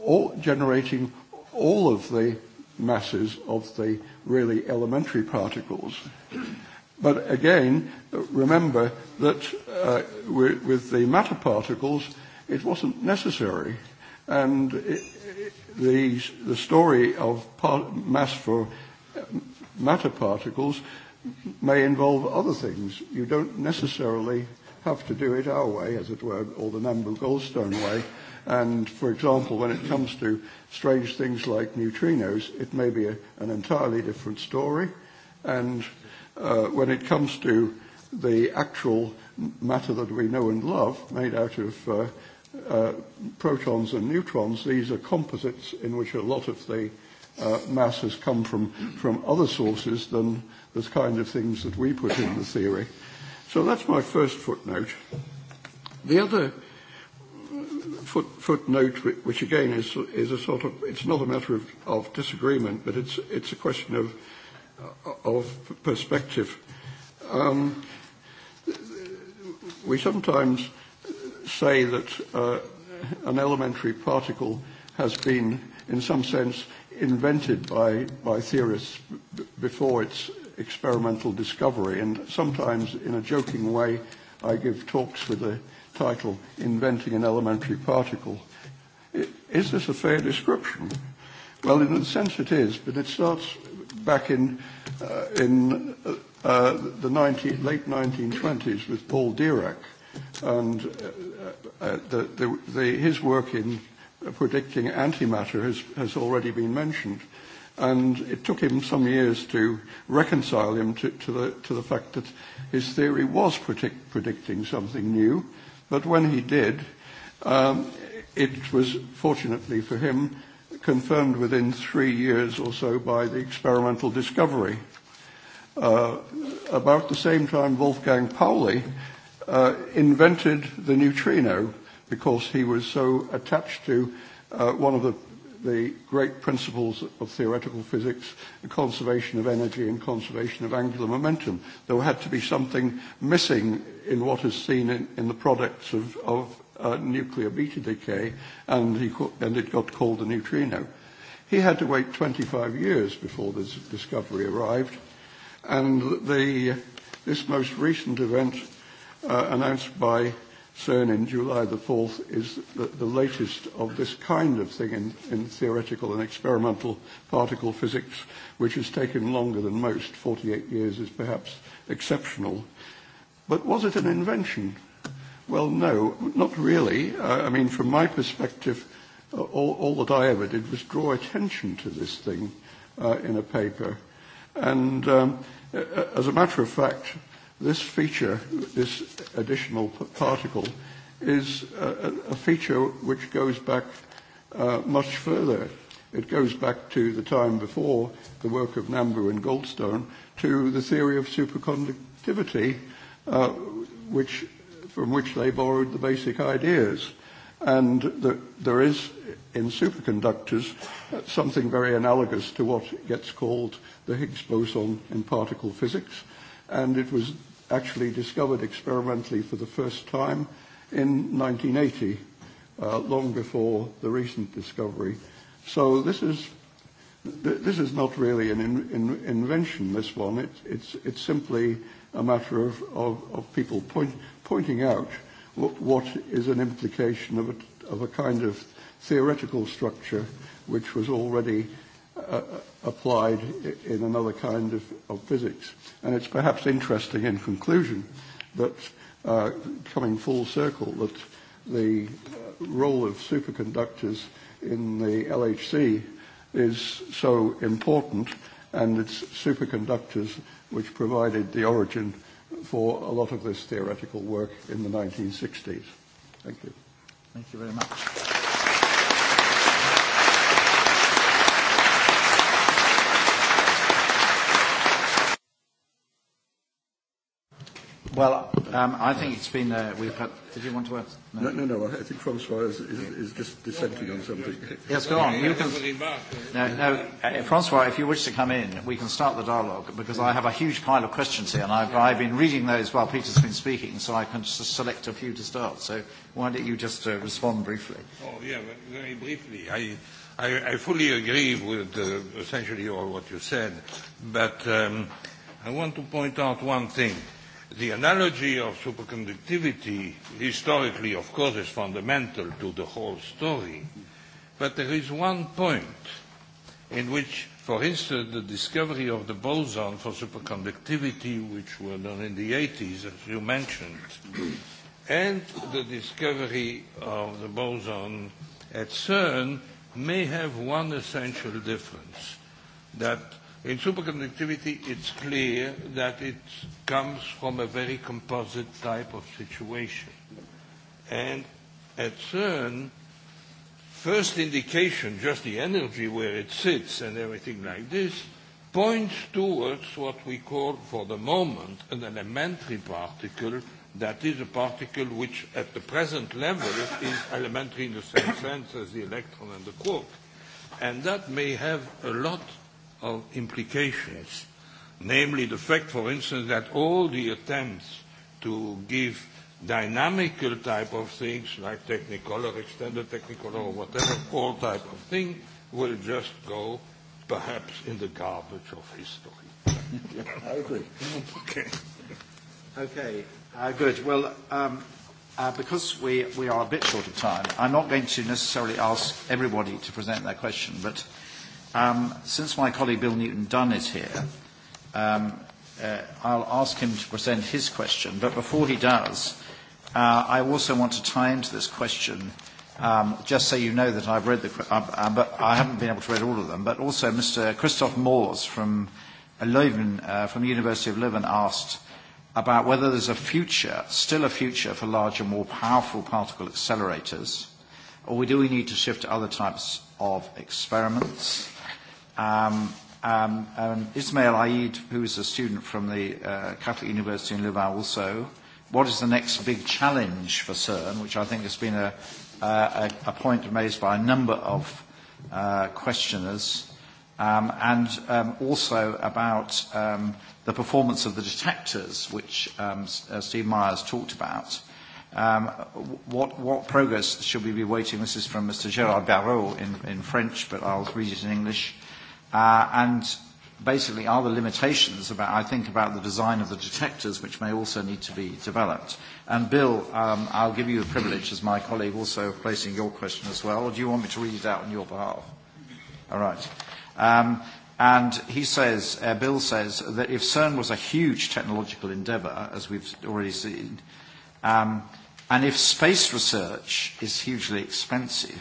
all, generating all of the masses of the really elementary particles. But again, remember that uh, with the matter particles, it wasn't necessary. And the, the story of mass for matter particles may involve other things. You don't necessarily have to do it our way, as it were, or the Nambu Goldstone way. And, for example, when it comes to strange things like neutrinos, it may be an entirely different story. And when it comes to the actual matter that we know and love, made out of protons and neutrons, these are composites in which a lot of the mass has come from from other sources than the kind of things that we put in the theory. So that's my first footnote. The other footnote, which again is is a sort of it's not a matter of of disagreement, but it's it's a question of of perspective. Um, we sometimes say that an elementary particle has been, in some sense, invented by, by theorists before its experimental discovery. And sometimes, in a joking way, I give talks with the title, Inventing an Elementary Particle. Is this a fair description? Well, in a sense it is, but it starts back in, in the late 1920s with Paul Dirac, and the the his work in predicting antimatter has has already been mentioned and it took him some years to reconcile him to to the to the fact that his theory was predicting something new but when he did um it was fortunately for him confirmed within three years or so by the experimental discovery about the same time wolfgang pauli invented the neutrino because he was so attached to one of the the great principles of theoretical physics, the conservation of energy and conservation of angular momentum. There had to be something missing in what is seen in the products of nuclear beta decay, and it got called the neutrino. He had to wait 25 years before this discovery arrived, and this most recent event announced by CERN in July the 4th is the latest of this kind of thing in theoretical and experimental particle physics, which has taken longer than most. 48 years is perhaps exceptional. But was it an invention? Well, no, not really. I mean, from my perspective, all that I ever did was draw attention to this thing in a paper. And as a matter of fact, This feature, this additional particle, is a feature which goes back much further. It goes back to the time before the work of Nambu and Goldstone to the theory of superconductivity, which from which they borrowed the basic ideas. And there is in superconductors something very analogous to what gets called the Higgs boson in particle physics. And it was actually discovered experimentally for the first time in 1980, long before the recent discovery. So this is this is not really an invention. This one, it's it's simply a matter of of people pointing out what is an implication of a kind of theoretical structure which was already applied in another kind of, of physics. And it's perhaps interesting in conclusion that uh, coming full circle that the role of superconductors in the LHC is so important and it's superconductors which provided the origin for a lot of this theoretical work in the 1960s. Thank you. Thank you very much. Well, um, I think it's been. Uh, we've had. Did you want to add? No, no, no. no I think Francois is, is, is just dissenting on something. Yes, go on. You can. No, no. Uh, Francois, if you wish to come in, we can start the dialogue because I have a huge pile of questions here, and I've, I've been reading those while Peter's been speaking, so I can just select a few to start. So why don't you just uh, respond briefly? Oh yeah, very briefly. I. I, I fully agree with uh, essentially all what you said, but um, I want to point out one thing. The analogy of superconductivity historically, of course, is fundamental to the whole story, but there is one point in which, for instance, the discovery of the boson for superconductivity, which were done in the 80s, as you mentioned, and the discovery of the boson at CERN may have one essential difference, that In superconductivity, it's clear that it comes from a very composite type of situation. And at CERN, first indication, just the energy where it sits and everything like this, points towards what we call for the moment an elementary particle, that is a particle which at the present level is elementary in the same sense as the electron and the quark. And that may have a lot of implications, namely the fact, for instance, that all the attempts to give dynamical type of things like technicolor, extended technicolor, or whatever, all type of thing will just go perhaps in the garbage of history. I agree. Okay. Okay. Uh, good. Well, um, because we, we are a bit short of time, I'm not going to necessarily ask everybody to present their question, but Since my colleague Bill Newton-Dunn is here, I'll ask him to present his question. But before he does, I also want to tie into this question, just so you know that I've read the, but I haven't been able to read all of them. But also, Mr. Christoph Moors from Leuven, from the University of Leuven, asked about whether there's a future, still a future, for larger, more powerful particle accelerators, or do we need to shift to other types of experiments? Ismail Aid, who is a student from the Catholic University in Louvain also, what is the next big challenge for CERN, which I think has been a, a, point raised by a number of uh, questioners, um, and um, also about um, the performance of the detectors, which um, Steve Myers talked about. Um, what, what progress should we be waiting? This is from Mr. Gerard Barrault in, in French, but I'll read it in English and basically are the limitations about I think about the design of the detectors which may also need to be developed. And Bill, um, I'll give you the privilege as my colleague also of placing your question as well. Or do you want me to read it out on your behalf? All right. and he says, Bill says that if CERN was a huge technological endeavor, as we've already seen, um, and if space research is hugely expensive,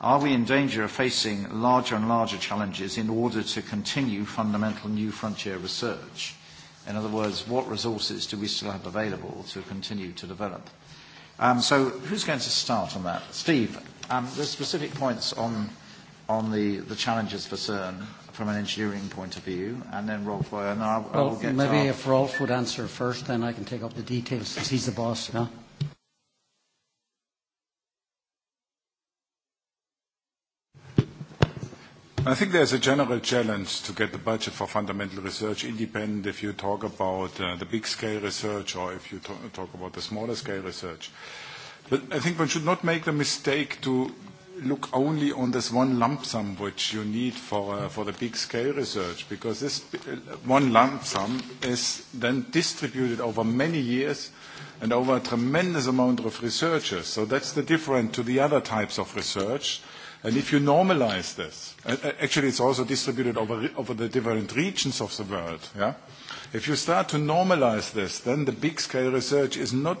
Are we in danger of facing larger and larger challenges in order to continue fundamental new frontier research? In other words, what resources do we still have available to continue to develop? Um, so who's going to start on that? Steve, um, there's specific points on, on the, the challenges for CERN from an engineering point of view, and then Rolf, and I'll, well, get Maybe if Rolf would answer first, then I can take up the details since he's the boss. Yeah? I think there's a general challenge to get the budget for fundamental research independent if you talk about the big-scale research or if you talk about the smaller-scale research. But I think one should not make the mistake to look only on this one lump sum which you need for for the big-scale research, because this one lump sum is then distributed over many years and over a tremendous amount of researchers. So that's the difference to the other types of research And if you normalize this, actually it's also distributed over the different regions of the world. If you start to normalize this, then the big-scale research is not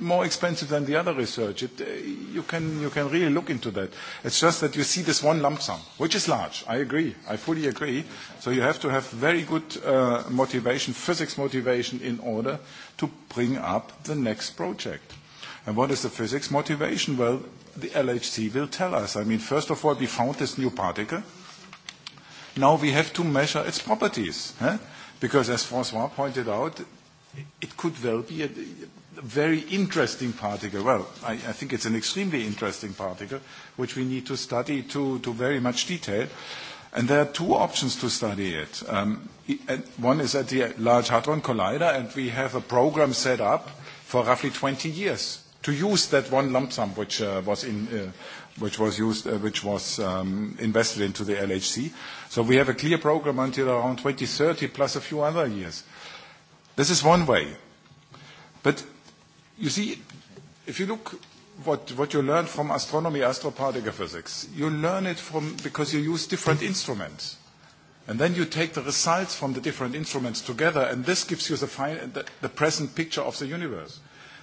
more expensive than the other research. You can you can really look into that. It's just that you see this one lump sum, which is large. I agree. I fully agree. So you have to have very good motivation, physics motivation, in order to bring up the next project. And what is the physics motivation? Well, the LHC will tell us. I mean, first of all, we found this new particle. Now we have to measure its properties. Because as Francois pointed out, it could well be a very interesting particle. Well, I think it's an extremely interesting particle, which we need to study to very much detail. And there are two options to study it. One is at the Large Hadron Collider, and we have a program set up for roughly 20 years to use that one lump sum which was invested into the LHC. So we have a clear program until around 2030 plus a few other years. This is one way. But you see, if you look what what you learn from astronomy, astroparticle physics, you learn it from because you use different instruments. And then you take the results from the different instruments together, and this gives you the present picture of the universe.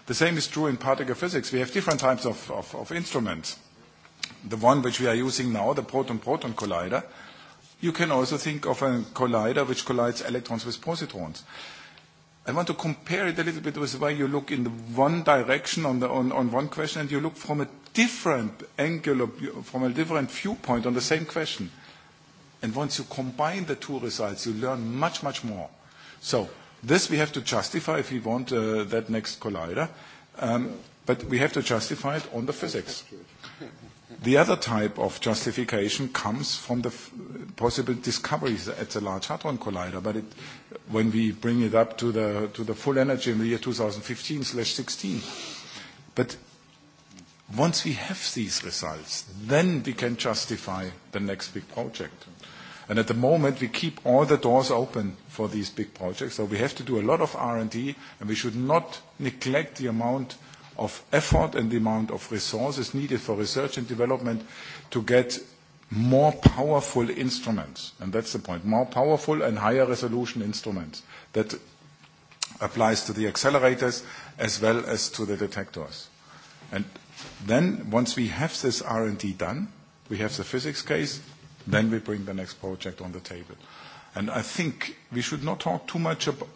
The same is true in particle physics. We have different types of instruments. The one which we are using now, the proton-proton collider, you can also think of a collider which collides electrons with positrons. I want to compare it a little bit with the way you look in the one direction on one question and you look from a different angle, from a different viewpoint on the same question. And once you combine the two results, you learn much, much more. So This we have to justify if we want that next collider, but we have to justify it on the physics. The other type of justification comes from the possible discoveries at the Large Hadron Collider, but when we bring it up to the to the full energy in the year 2015/16, but once we have these results, then we can justify the next big project at the moment, we keep all the doors open for these big projects. So we have to do a lot of R&D, and we should not neglect the amount of effort and the amount of resources needed for research and development to get more powerful instruments. And that's the point, more powerful and higher resolution instruments. That applies to the accelerators as well as to the detectors. And then once we have this R&D done, we have the physics case, Then we bring the next project on the table. And I think we should not talk too much about,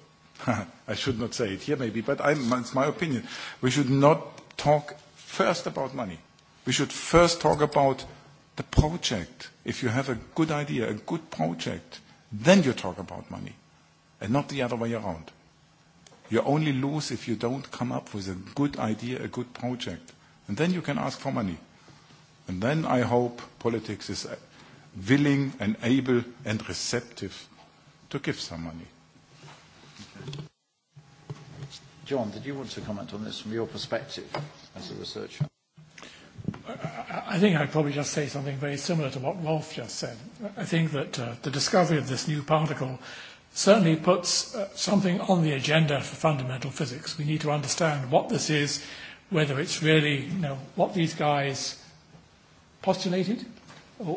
I should not say it here maybe, but it's my opinion. We should not talk first about money. We should first talk about the project. If you have a good idea, a good project, then you talk about money and not the other way around. You only lose if you don't come up with a good idea, a good project. And then you can ask for money. And then I hope politics is willing and able and receptive to give some money. John, did you want to comment on this from your perspective as a researcher? I think I'd probably just say something very similar to what Rolf just said. I think that the discovery of this new particle certainly puts something on the agenda for fundamental physics. We need to understand what this is, whether it's really, you know, what these guys postulated, or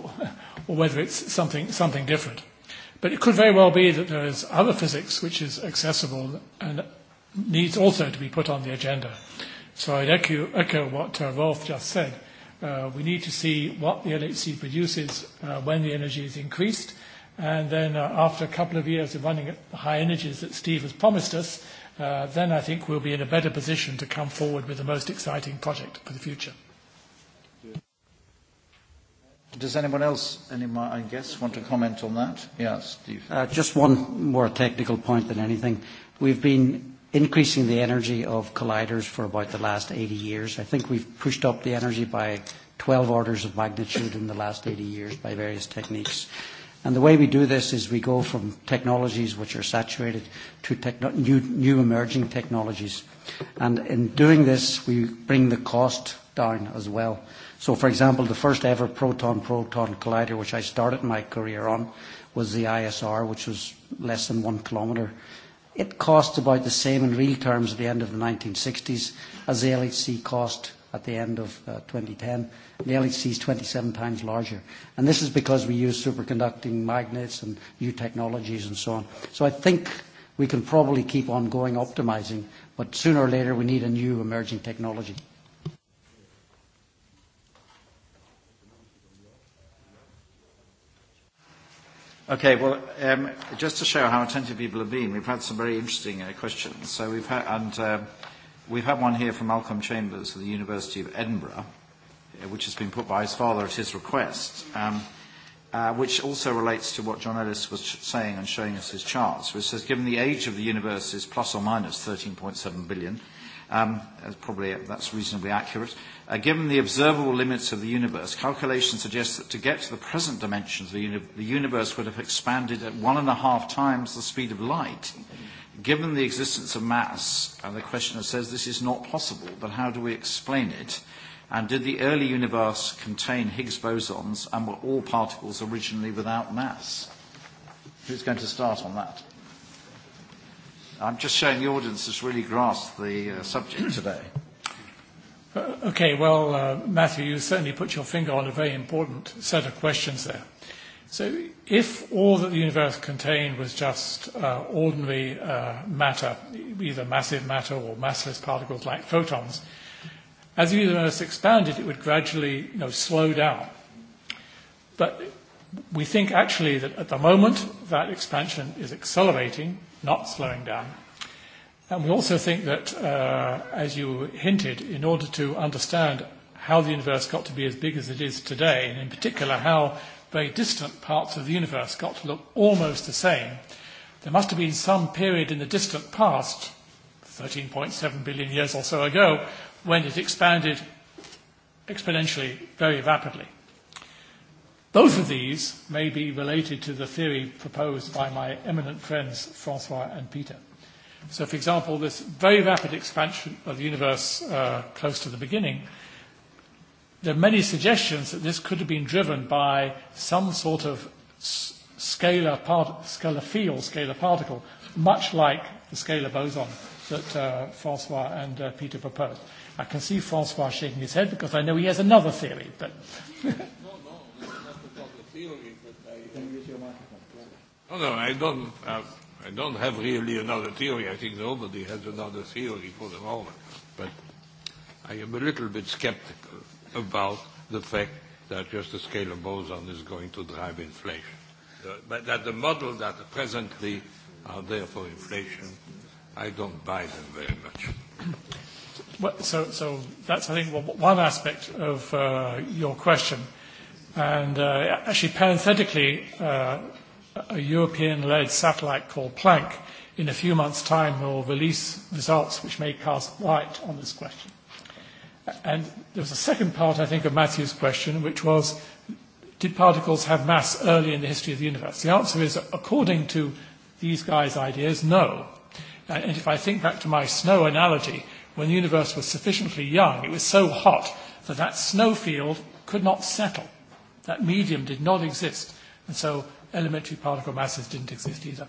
whether it's something something different. But it could very well be that there is other physics which is accessible and needs also to be put on the agenda. So I'd echo, echo what Rolf just said. we need to see what the LHC produces when the energy is increased, and then after a couple of years of running at the high energies that Steve has promised us, then I think we'll be in a better position to come forward with the most exciting project for the future. Does anyone else, I guess, want to comment on that? Yes, Steve. just one more technical point than anything. We've been increasing the energy of colliders for about the last 80 years. I think we've pushed up the energy by 12 orders of magnitude in the last 80 years by various techniques. And the way we do this is we go from technologies which are saturated to new emerging technologies. And in doing this, we bring the cost down as well. So, for example, the first ever proton-proton collider, which I started my career on, was the ISR, which was less than one kilometre. It costs about the same in real terms at the end of the 1960s as the LHC cost at the end of 2010. The LHC is 27 times larger. And this is because we use superconducting magnets and new technologies and so on. So I think we can probably keep on going optimizing, but sooner or later we need a new emerging technology. Okay, well, um, just to show how attentive people have been, we've had some very interesting uh, questions. So we've had, and um, we've had one here from Malcolm Chambers of the University of Edinburgh, which has been put by his father at his request, um, uh, which also relates to what John Ellis was saying and showing us his charts, which says, given the age of the universe is plus or minus 13.7 billion, Probably that's reasonably accurate. Given the observable limits of the universe, calculation suggests that to get to the present dimensions, the universe would have expanded at one and a half times the speed of light. Given the existence of mass, and the questioner says this is not possible, but how do we explain it? And did the early universe contain Higgs bosons, and were all particles originally without mass? Who's going to start on that? I'm just showing the audience has really grasped the subject today. Okay, well, Matthew, you certainly put your finger on a very important set of questions there. So if all that the universe contained was just ordinary matter, either massive matter or massless particles like photons, as the universe expanded, it would gradually you know, slow down. But we think actually that at the moment that expansion is accelerating not slowing down. And we also think that, as you hinted, in order to understand how the universe got to be as big as it is today, and in particular how very distant parts of the universe got to look almost the same, there must have been some period in the distant past, 13.7 billion years or so ago, when it expanded exponentially very rapidly. Both of these may be related to the theory proposed by my eminent friends Francois and Peter. So, for example, this very rapid expansion of the universe close to the beginning, there are many suggestions that this could have been driven by some sort of scalar, part, scalar field, scalar particle, much like the scalar boson that Francois and Peter proposed. I can see Francois shaking his head because I know he has another theory, but I... No, no, I don't have... I don't have really another theory. I think nobody has another theory for the moment. But I am a little bit skeptical about the fact that just the scalar boson is going to drive inflation. But that the model that presently are there for inflation, I don't buy them very much. Well, so, so that's, I think, one aspect of your question. And actually, parenthetically, a European-led satellite called Planck in a few months' time will release results which may cast light on this question. And there was a second part, I think, of Matthew's question, which was, did particles have mass early in the history of the universe? The answer is, according to these guys' ideas, no. And if I think back to my snow analogy, when the universe was sufficiently young, it was so hot that that snow field could not settle. That medium did not exist, and so elementary particle masses didn't exist either.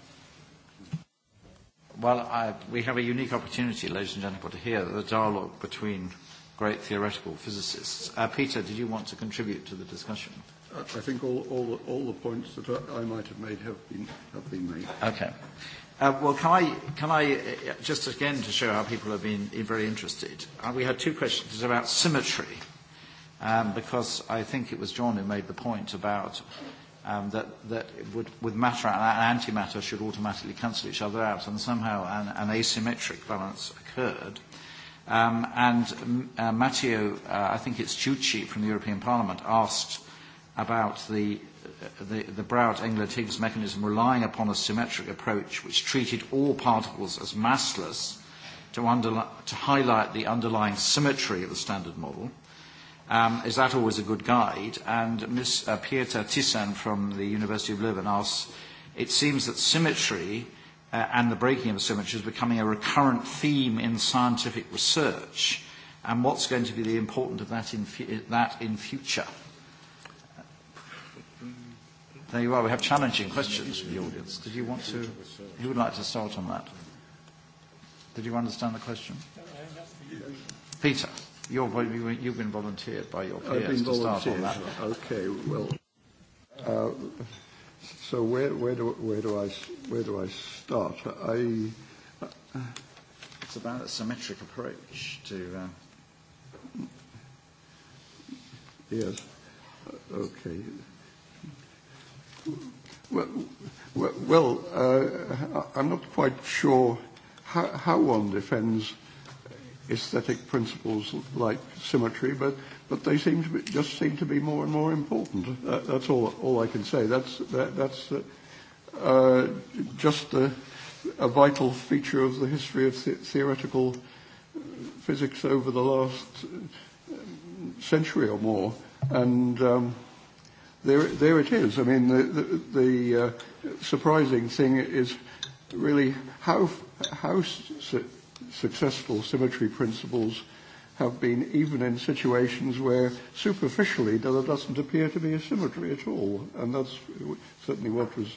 Well, we have a unique opportunity, ladies and gentlemen, to hear the dialogue between great theoretical physicists. Peter, did you want to contribute to the discussion? I think all, all, all the points that I might have made have been, have been made. Okay. well, can I, can I just again to show how people have been very interested, we had two questions about symmetry because I think it was John who made the point about that that with matter and antimatter should automatically cancel each other out, and somehow an asymmetric balance occurred. And Matteo, I think it's Tucci from the European Parliament, asked about the the Brout-Englert-Higgs mechanism relying upon a symmetric approach which treated all particles as massless to to highlight the underlying symmetry of the standard model is that always a good guide? And Ms. Pieter Tissan from the University of Leuven asks, it seems that symmetry and the breaking of symmetry is becoming a recurrent theme in scientific research. And what's going to be the importance of that in, that in future? There you are. We have challenging questions from the audience. Did you want to? Who would like to start on that? Did you understand the question? Peter you've been volunteered by your peers to start on that. Okay, well, so where, where, do, where, do I, where do I start? I, it's about a symmetric approach to... Yes, okay. Well, well uh, I'm not quite sure how, how one defends aesthetic principles like symmetry, but but they seem to be, just seem to be more and more important. that's all all I can say. That's that, that's uh, just a, a vital feature of the history of theoretical physics over the last century or more, and. Um, there, there it is. I mean, the, the, surprising thing is really how how successful symmetry principles have been even in situations where superficially there doesn't appear to be a symmetry at all. And that's certainly what was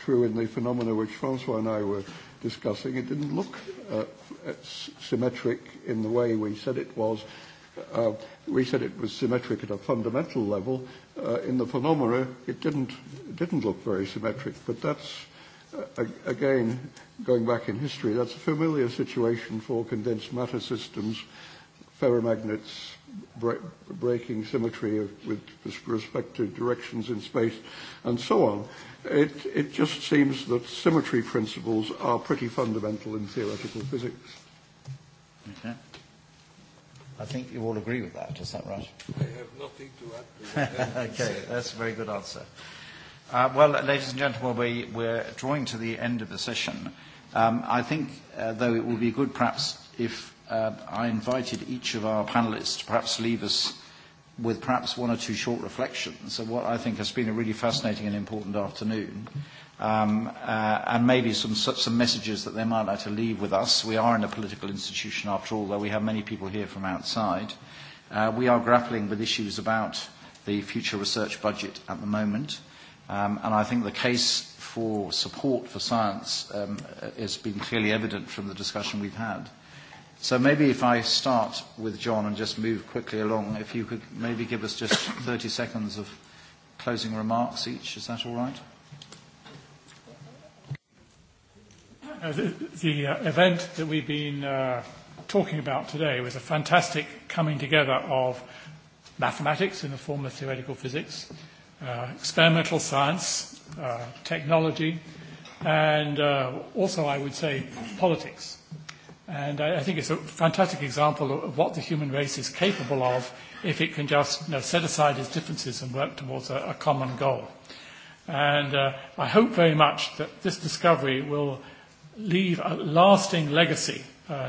true in the phenomena which Francois and I were discussing. It didn't look symmetric in the way we said it was. We said it was symmetric at a fundamental level. In the phenomena, it didn't didn't look very symmetric. But that's, again, going back in history, that's a familiar situation for condensed matter systems, ferromagnets, breaking symmetry with respect to directions in space, and so on. It, it just seems that symmetry principles are pretty fundamental in theoretical physics. Okay. I think you all agree with that, is that right? I have nothing to add to that. okay, that's a very good answer. Uh, well, ladies and gentlemen, we, we're drawing to the end of the session. I think, though, it would be good perhaps if I invited each of our panelists to perhaps leave us with perhaps one or two short reflections of what I think has been a really fascinating and important afternoon, and maybe some some messages that they might like to leave with us. We are in a political institution, after all, though we have many people here from outside. We are grappling with issues about the future research budget at the moment, and I think the case for support for science has been clearly evident from the discussion we've had. So maybe if I start with John and just move quickly along, if you could maybe give us just 30 seconds of closing remarks each, is that all right? The event that we've been talking about today was a fantastic coming together of mathematics in the form of theoretical physics, experimental science, technology, and also, I would say, politics. And I think it's a fantastic example of what the human race is capable of if it can just set aside its differences and work towards a common goal. And I hope very much that this discovery will leave a lasting legacy,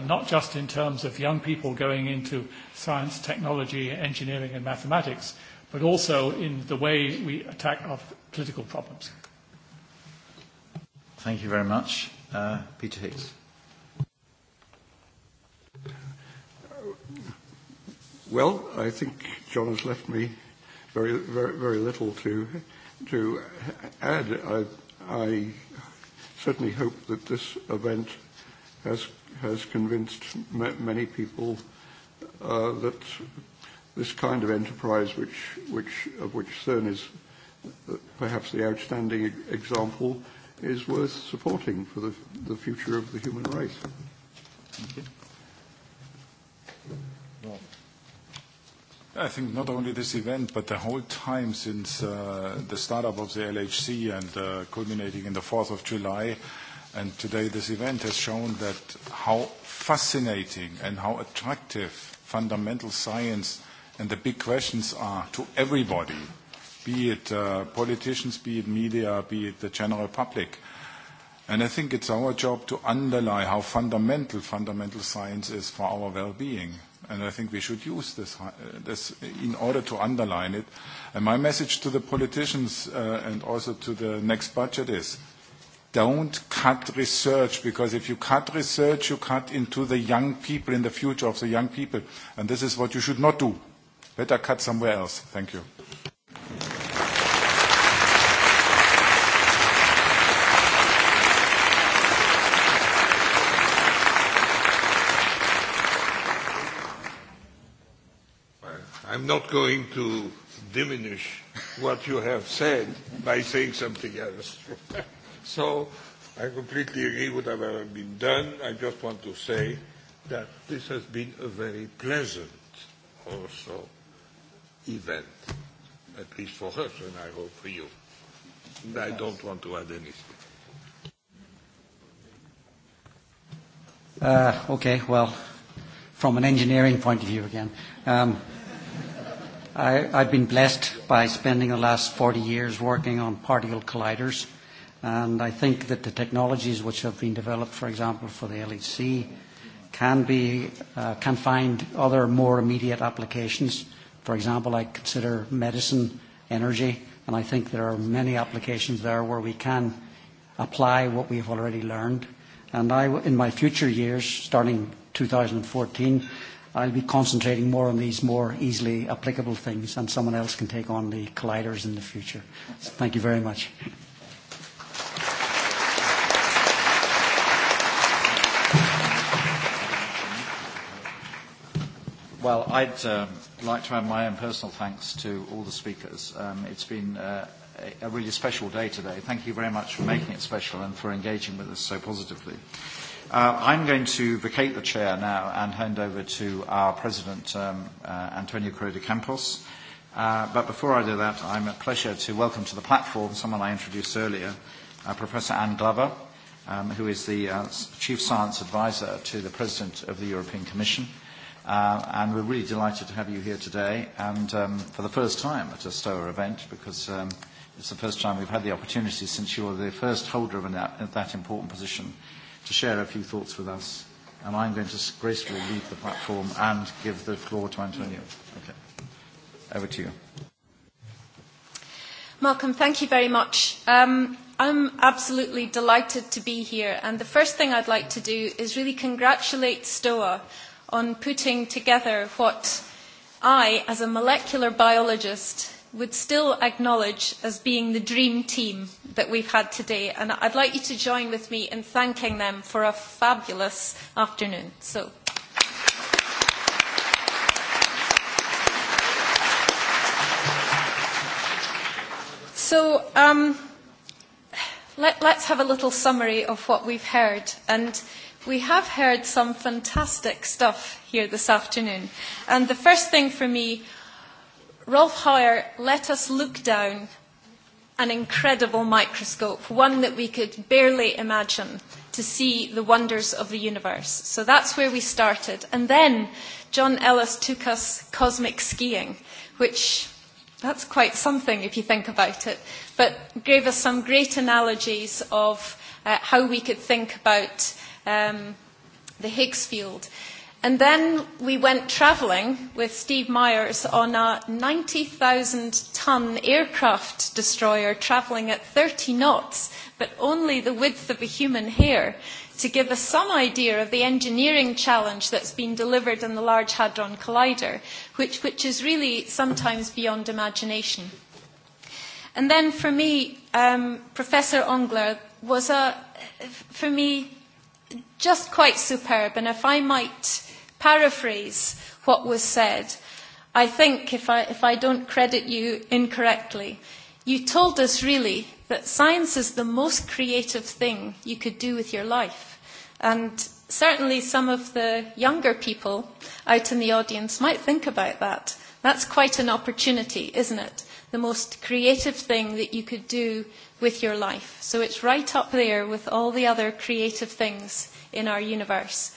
not just in terms of young people going into science, technology, engineering, and mathematics, but also in the way we attack our political problems. Thank you very much. Peter Hicks. Well, I think John has left me very, very, very little to to add. I, I certainly hope that this event has has convinced many people that this kind of enterprise, which, which, of which CERN is perhaps the outstanding example, is worth supporting for the, the future of the human race. I think not only this event, but the whole time since the startup of the LHC and culminating in the 4th of July, and today this event has shown that how fascinating and how attractive fundamental science And the big questions are to everybody, be it politicians, be it media, be it the general public. And I think it's our job to underline how fundamental fundamental science is for our well-being. And I think we should use this in order to underline it. And my message to the politicians and also to the next budget is, don't cut research, because if you cut research, you cut into the young people, in the future of the young people. And this is what you should not do better cut somewhere else. Thank you. I'm not going to diminish what you have said by saying something else. So I completely agree with what has been done. I just want to say that this has been a very pleasant also event, at least for us, and I hope for you. I don't want to add anything. okay, well, from an engineering point of view again, um, I, I've been blessed by spending the last 40 years working on particle colliders, and I think that the technologies which have been developed, for example, for the LHC, can be can find other more immediate applications For example, I consider medicine, energy, and I think there are many applications there where we can apply what we have already learned. And I, in my future years, starting 2014, I'll be concentrating more on these more easily applicable things, and someone else can take on the colliders in the future. Thank you very much. Well, I'd like to add my own personal thanks to all the speakers. It's been a really special day today. Thank you very much for making it special and for engaging with us so positively. I'm going to vacate the chair now and hand over to our president, Antonio Correa de Campos. But before I do that, I'm a pleasure to welcome to the platform someone I introduced earlier, Professor Anne Glover, who is the Chief Science Advisor to the President of the European Commission and we're really delighted to have you here today and for the first time at a STOA event because it's the first time we've had the opportunity since you were the first holder of that important position to share a few thoughts with us. And I'm going to gracefully leave the platform and give the floor to Antonio. Okay. Over to you. Malcolm, thank you very much. I'm absolutely delighted to be here. And the first thing I'd like to do is really congratulate STOA on putting together what I, as a molecular biologist, would still acknowledge as being the dream team that we've had today. And I'd like you to join with me in thanking them for a fabulous afternoon. So So um, let, let's have a little summary of what we've heard. And We have heard some fantastic stuff here this afternoon. And the first thing for me, Rolf Heuer let us look down an incredible microscope, one that we could barely imagine, to see the wonders of the universe. So that's where we started. And then John Ellis took us cosmic skiing, which that's quite something if you think about it, but gave us some great analogies of how we could think about the Higgs field. And then we went travelling with Steve Myers on a 90,000-ton aircraft destroyer travelling at 30 knots, but only the width of a human hair, to give us some idea of the engineering challenge that's been delivered in the Large Hadron Collider, which, which is really sometimes beyond imagination. And then for me, um, Professor Ongler was a, for me, just quite superb. And if I might paraphrase what was said, I think, if I, if I don't credit you incorrectly, you told us really that science is the most creative thing you could do with your life. And certainly some of the younger people out in the audience might think about that. That's quite an opportunity, isn't it? the most creative thing that you could do with your life. So it's right up there with all the other creative things in our universe.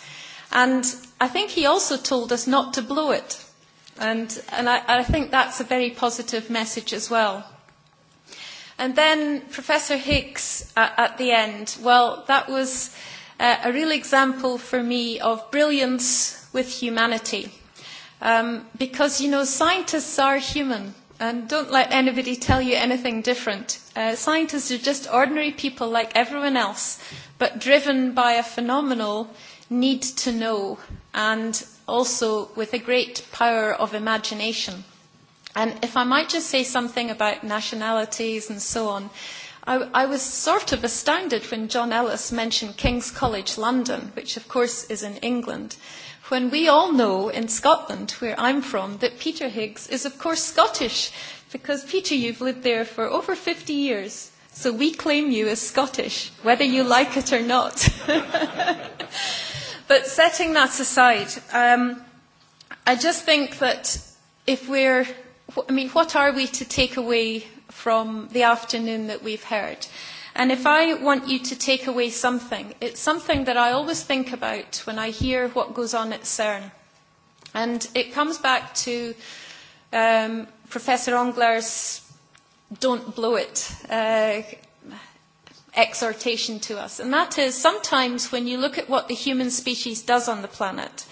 And I think he also told us not to blow it. And, and I, I think that's a very positive message as well. And then Professor Hicks at the end. Well, that was a real example for me of brilliance with humanity. Because, you know, scientists are human. And don't let anybody tell you anything different. Scientists are just ordinary people like everyone else, but driven by a phenomenal need to know and also with a great power of imagination. And if I might just say something about nationalities and so on, I was sort of astounded when John Ellis mentioned King's College London, which of course is in England when we all know in Scotland, where I'm from, that Peter Higgs is of course Scottish, because Peter, you've lived there for over 50 years. So we claim you as Scottish, whether you like it or not. But setting that aside, I just think that if we're, I mean, what are we to take away from the afternoon that we've heard? And if I want you to take away something, it's something that I always think about when I hear what goes on at CERN. And it comes back to Professor Ongler's don't blow it exhortation to us. And that is sometimes when you look at what the human species does on the planet,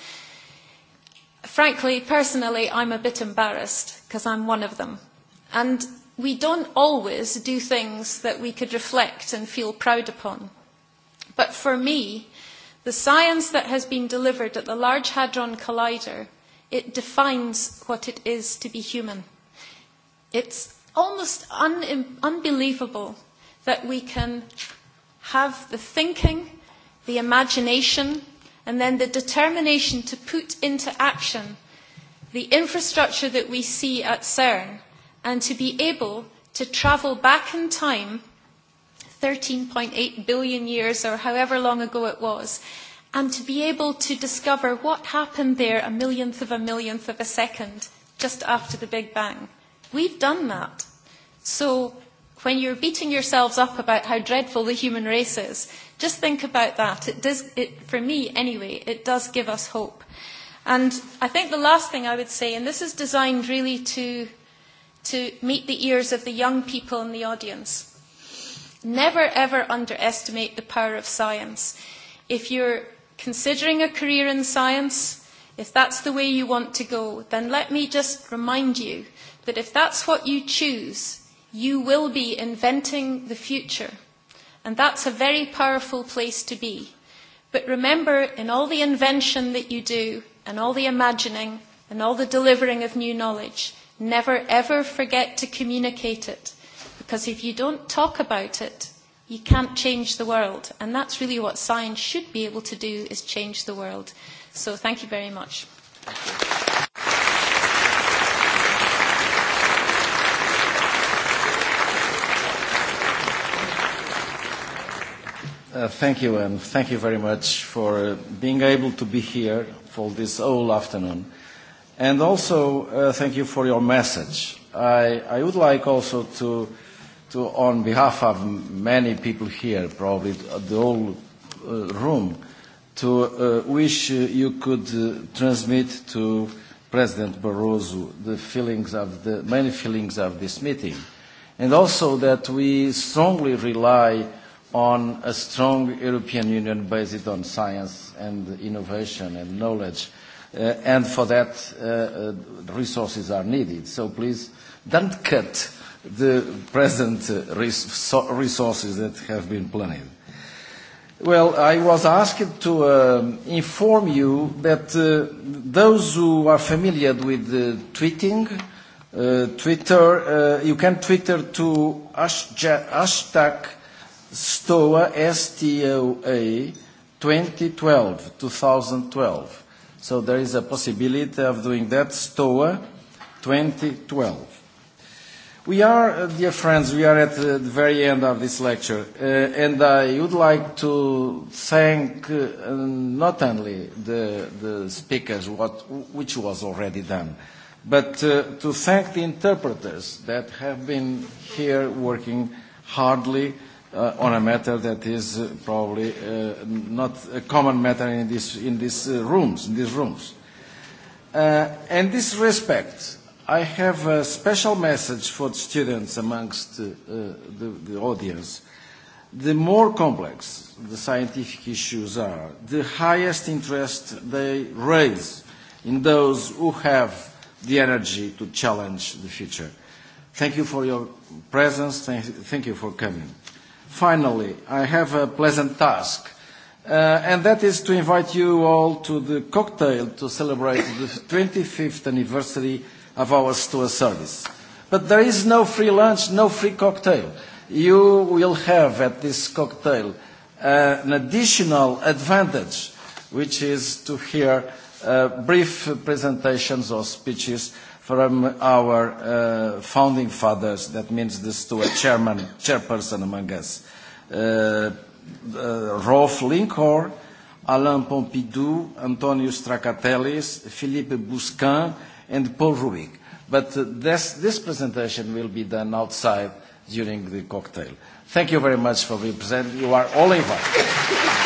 frankly, personally, I'm a bit embarrassed because I'm one of them. And we don't always do things that we could reflect and feel proud upon. But for me, the science that has been delivered at the Large Hadron Collider, it defines what it is to be human. It's almost unbelievable that we can have the thinking, the imagination, and then the determination to put into action the infrastructure that we see at CERN and to be able to travel back in time 13.8 billion years or however long ago it was, and to be able to discover what happened there a millionth of a millionth of a second just after the Big Bang. We've done that. So when you're beating yourselves up about how dreadful the human race is, just think about that. It does, it, for me anyway, it does give us hope. And I think the last thing I would say, and this is designed really to to meet the ears of the young people in the audience. Never ever underestimate the power of science. If you're considering a career in science, if that's the way you want to go, then let me just remind you that if that's what you choose, you will be inventing the future. And that's a very powerful place to be. But remember, in all the invention that you do, and all the imagining, and all the delivering of new knowledge, Never ever forget to communicate it, because if you don't talk about it, you can't change the world. And that's really what science should be able to do, is change the world. So thank you very much. Thank you, and thank you very much for being able to be here for this whole afternoon. And also, thank you for your message. I would like also to, on behalf of many people here, probably the whole room, to wish you could transmit to President Barroso the feelings of the many feelings of this meeting, and also that we strongly rely on a strong European Union based on science and innovation and knowledge and for that resources are needed. So please don't cut the present resources that have been planned. Well, I was asked to inform you that those who are familiar with tweeting, Twitter, you can Twitter to hashtag STOA, S-T-O-A, 2012, 2012. So there is a possibility of doing that, STOA 2012. We are, dear friends, we are at the very end of this lecture, and I would like to thank not only the, the speakers, what, which was already done, but to thank the interpreters that have been here working hardly on a matter that is probably not a common matter in in these rooms in these rooms. In this respect, I have a special message for the students amongst the audience. The more complex the scientific issues are, the highest interest they raise in those who have the energy to challenge the future. Thank you for your presence. Thank you for coming. Finally, I have a pleasant task, and that is to invite you all to the cocktail to celebrate the 25th anniversary of our store service. But there is no free lunch, no free cocktail. You will have at this cocktail an additional advantage, which is to hear brief presentations or speeches from our founding fathers. That means this to a chairman, chairperson among us. Rolf Linkor, Alain Pompidou, Antonio Stracatellis, Philippe Busquin and Paul Rubik. But this presentation will be done outside during the cocktail. Thank you very much for being present. You are all invited.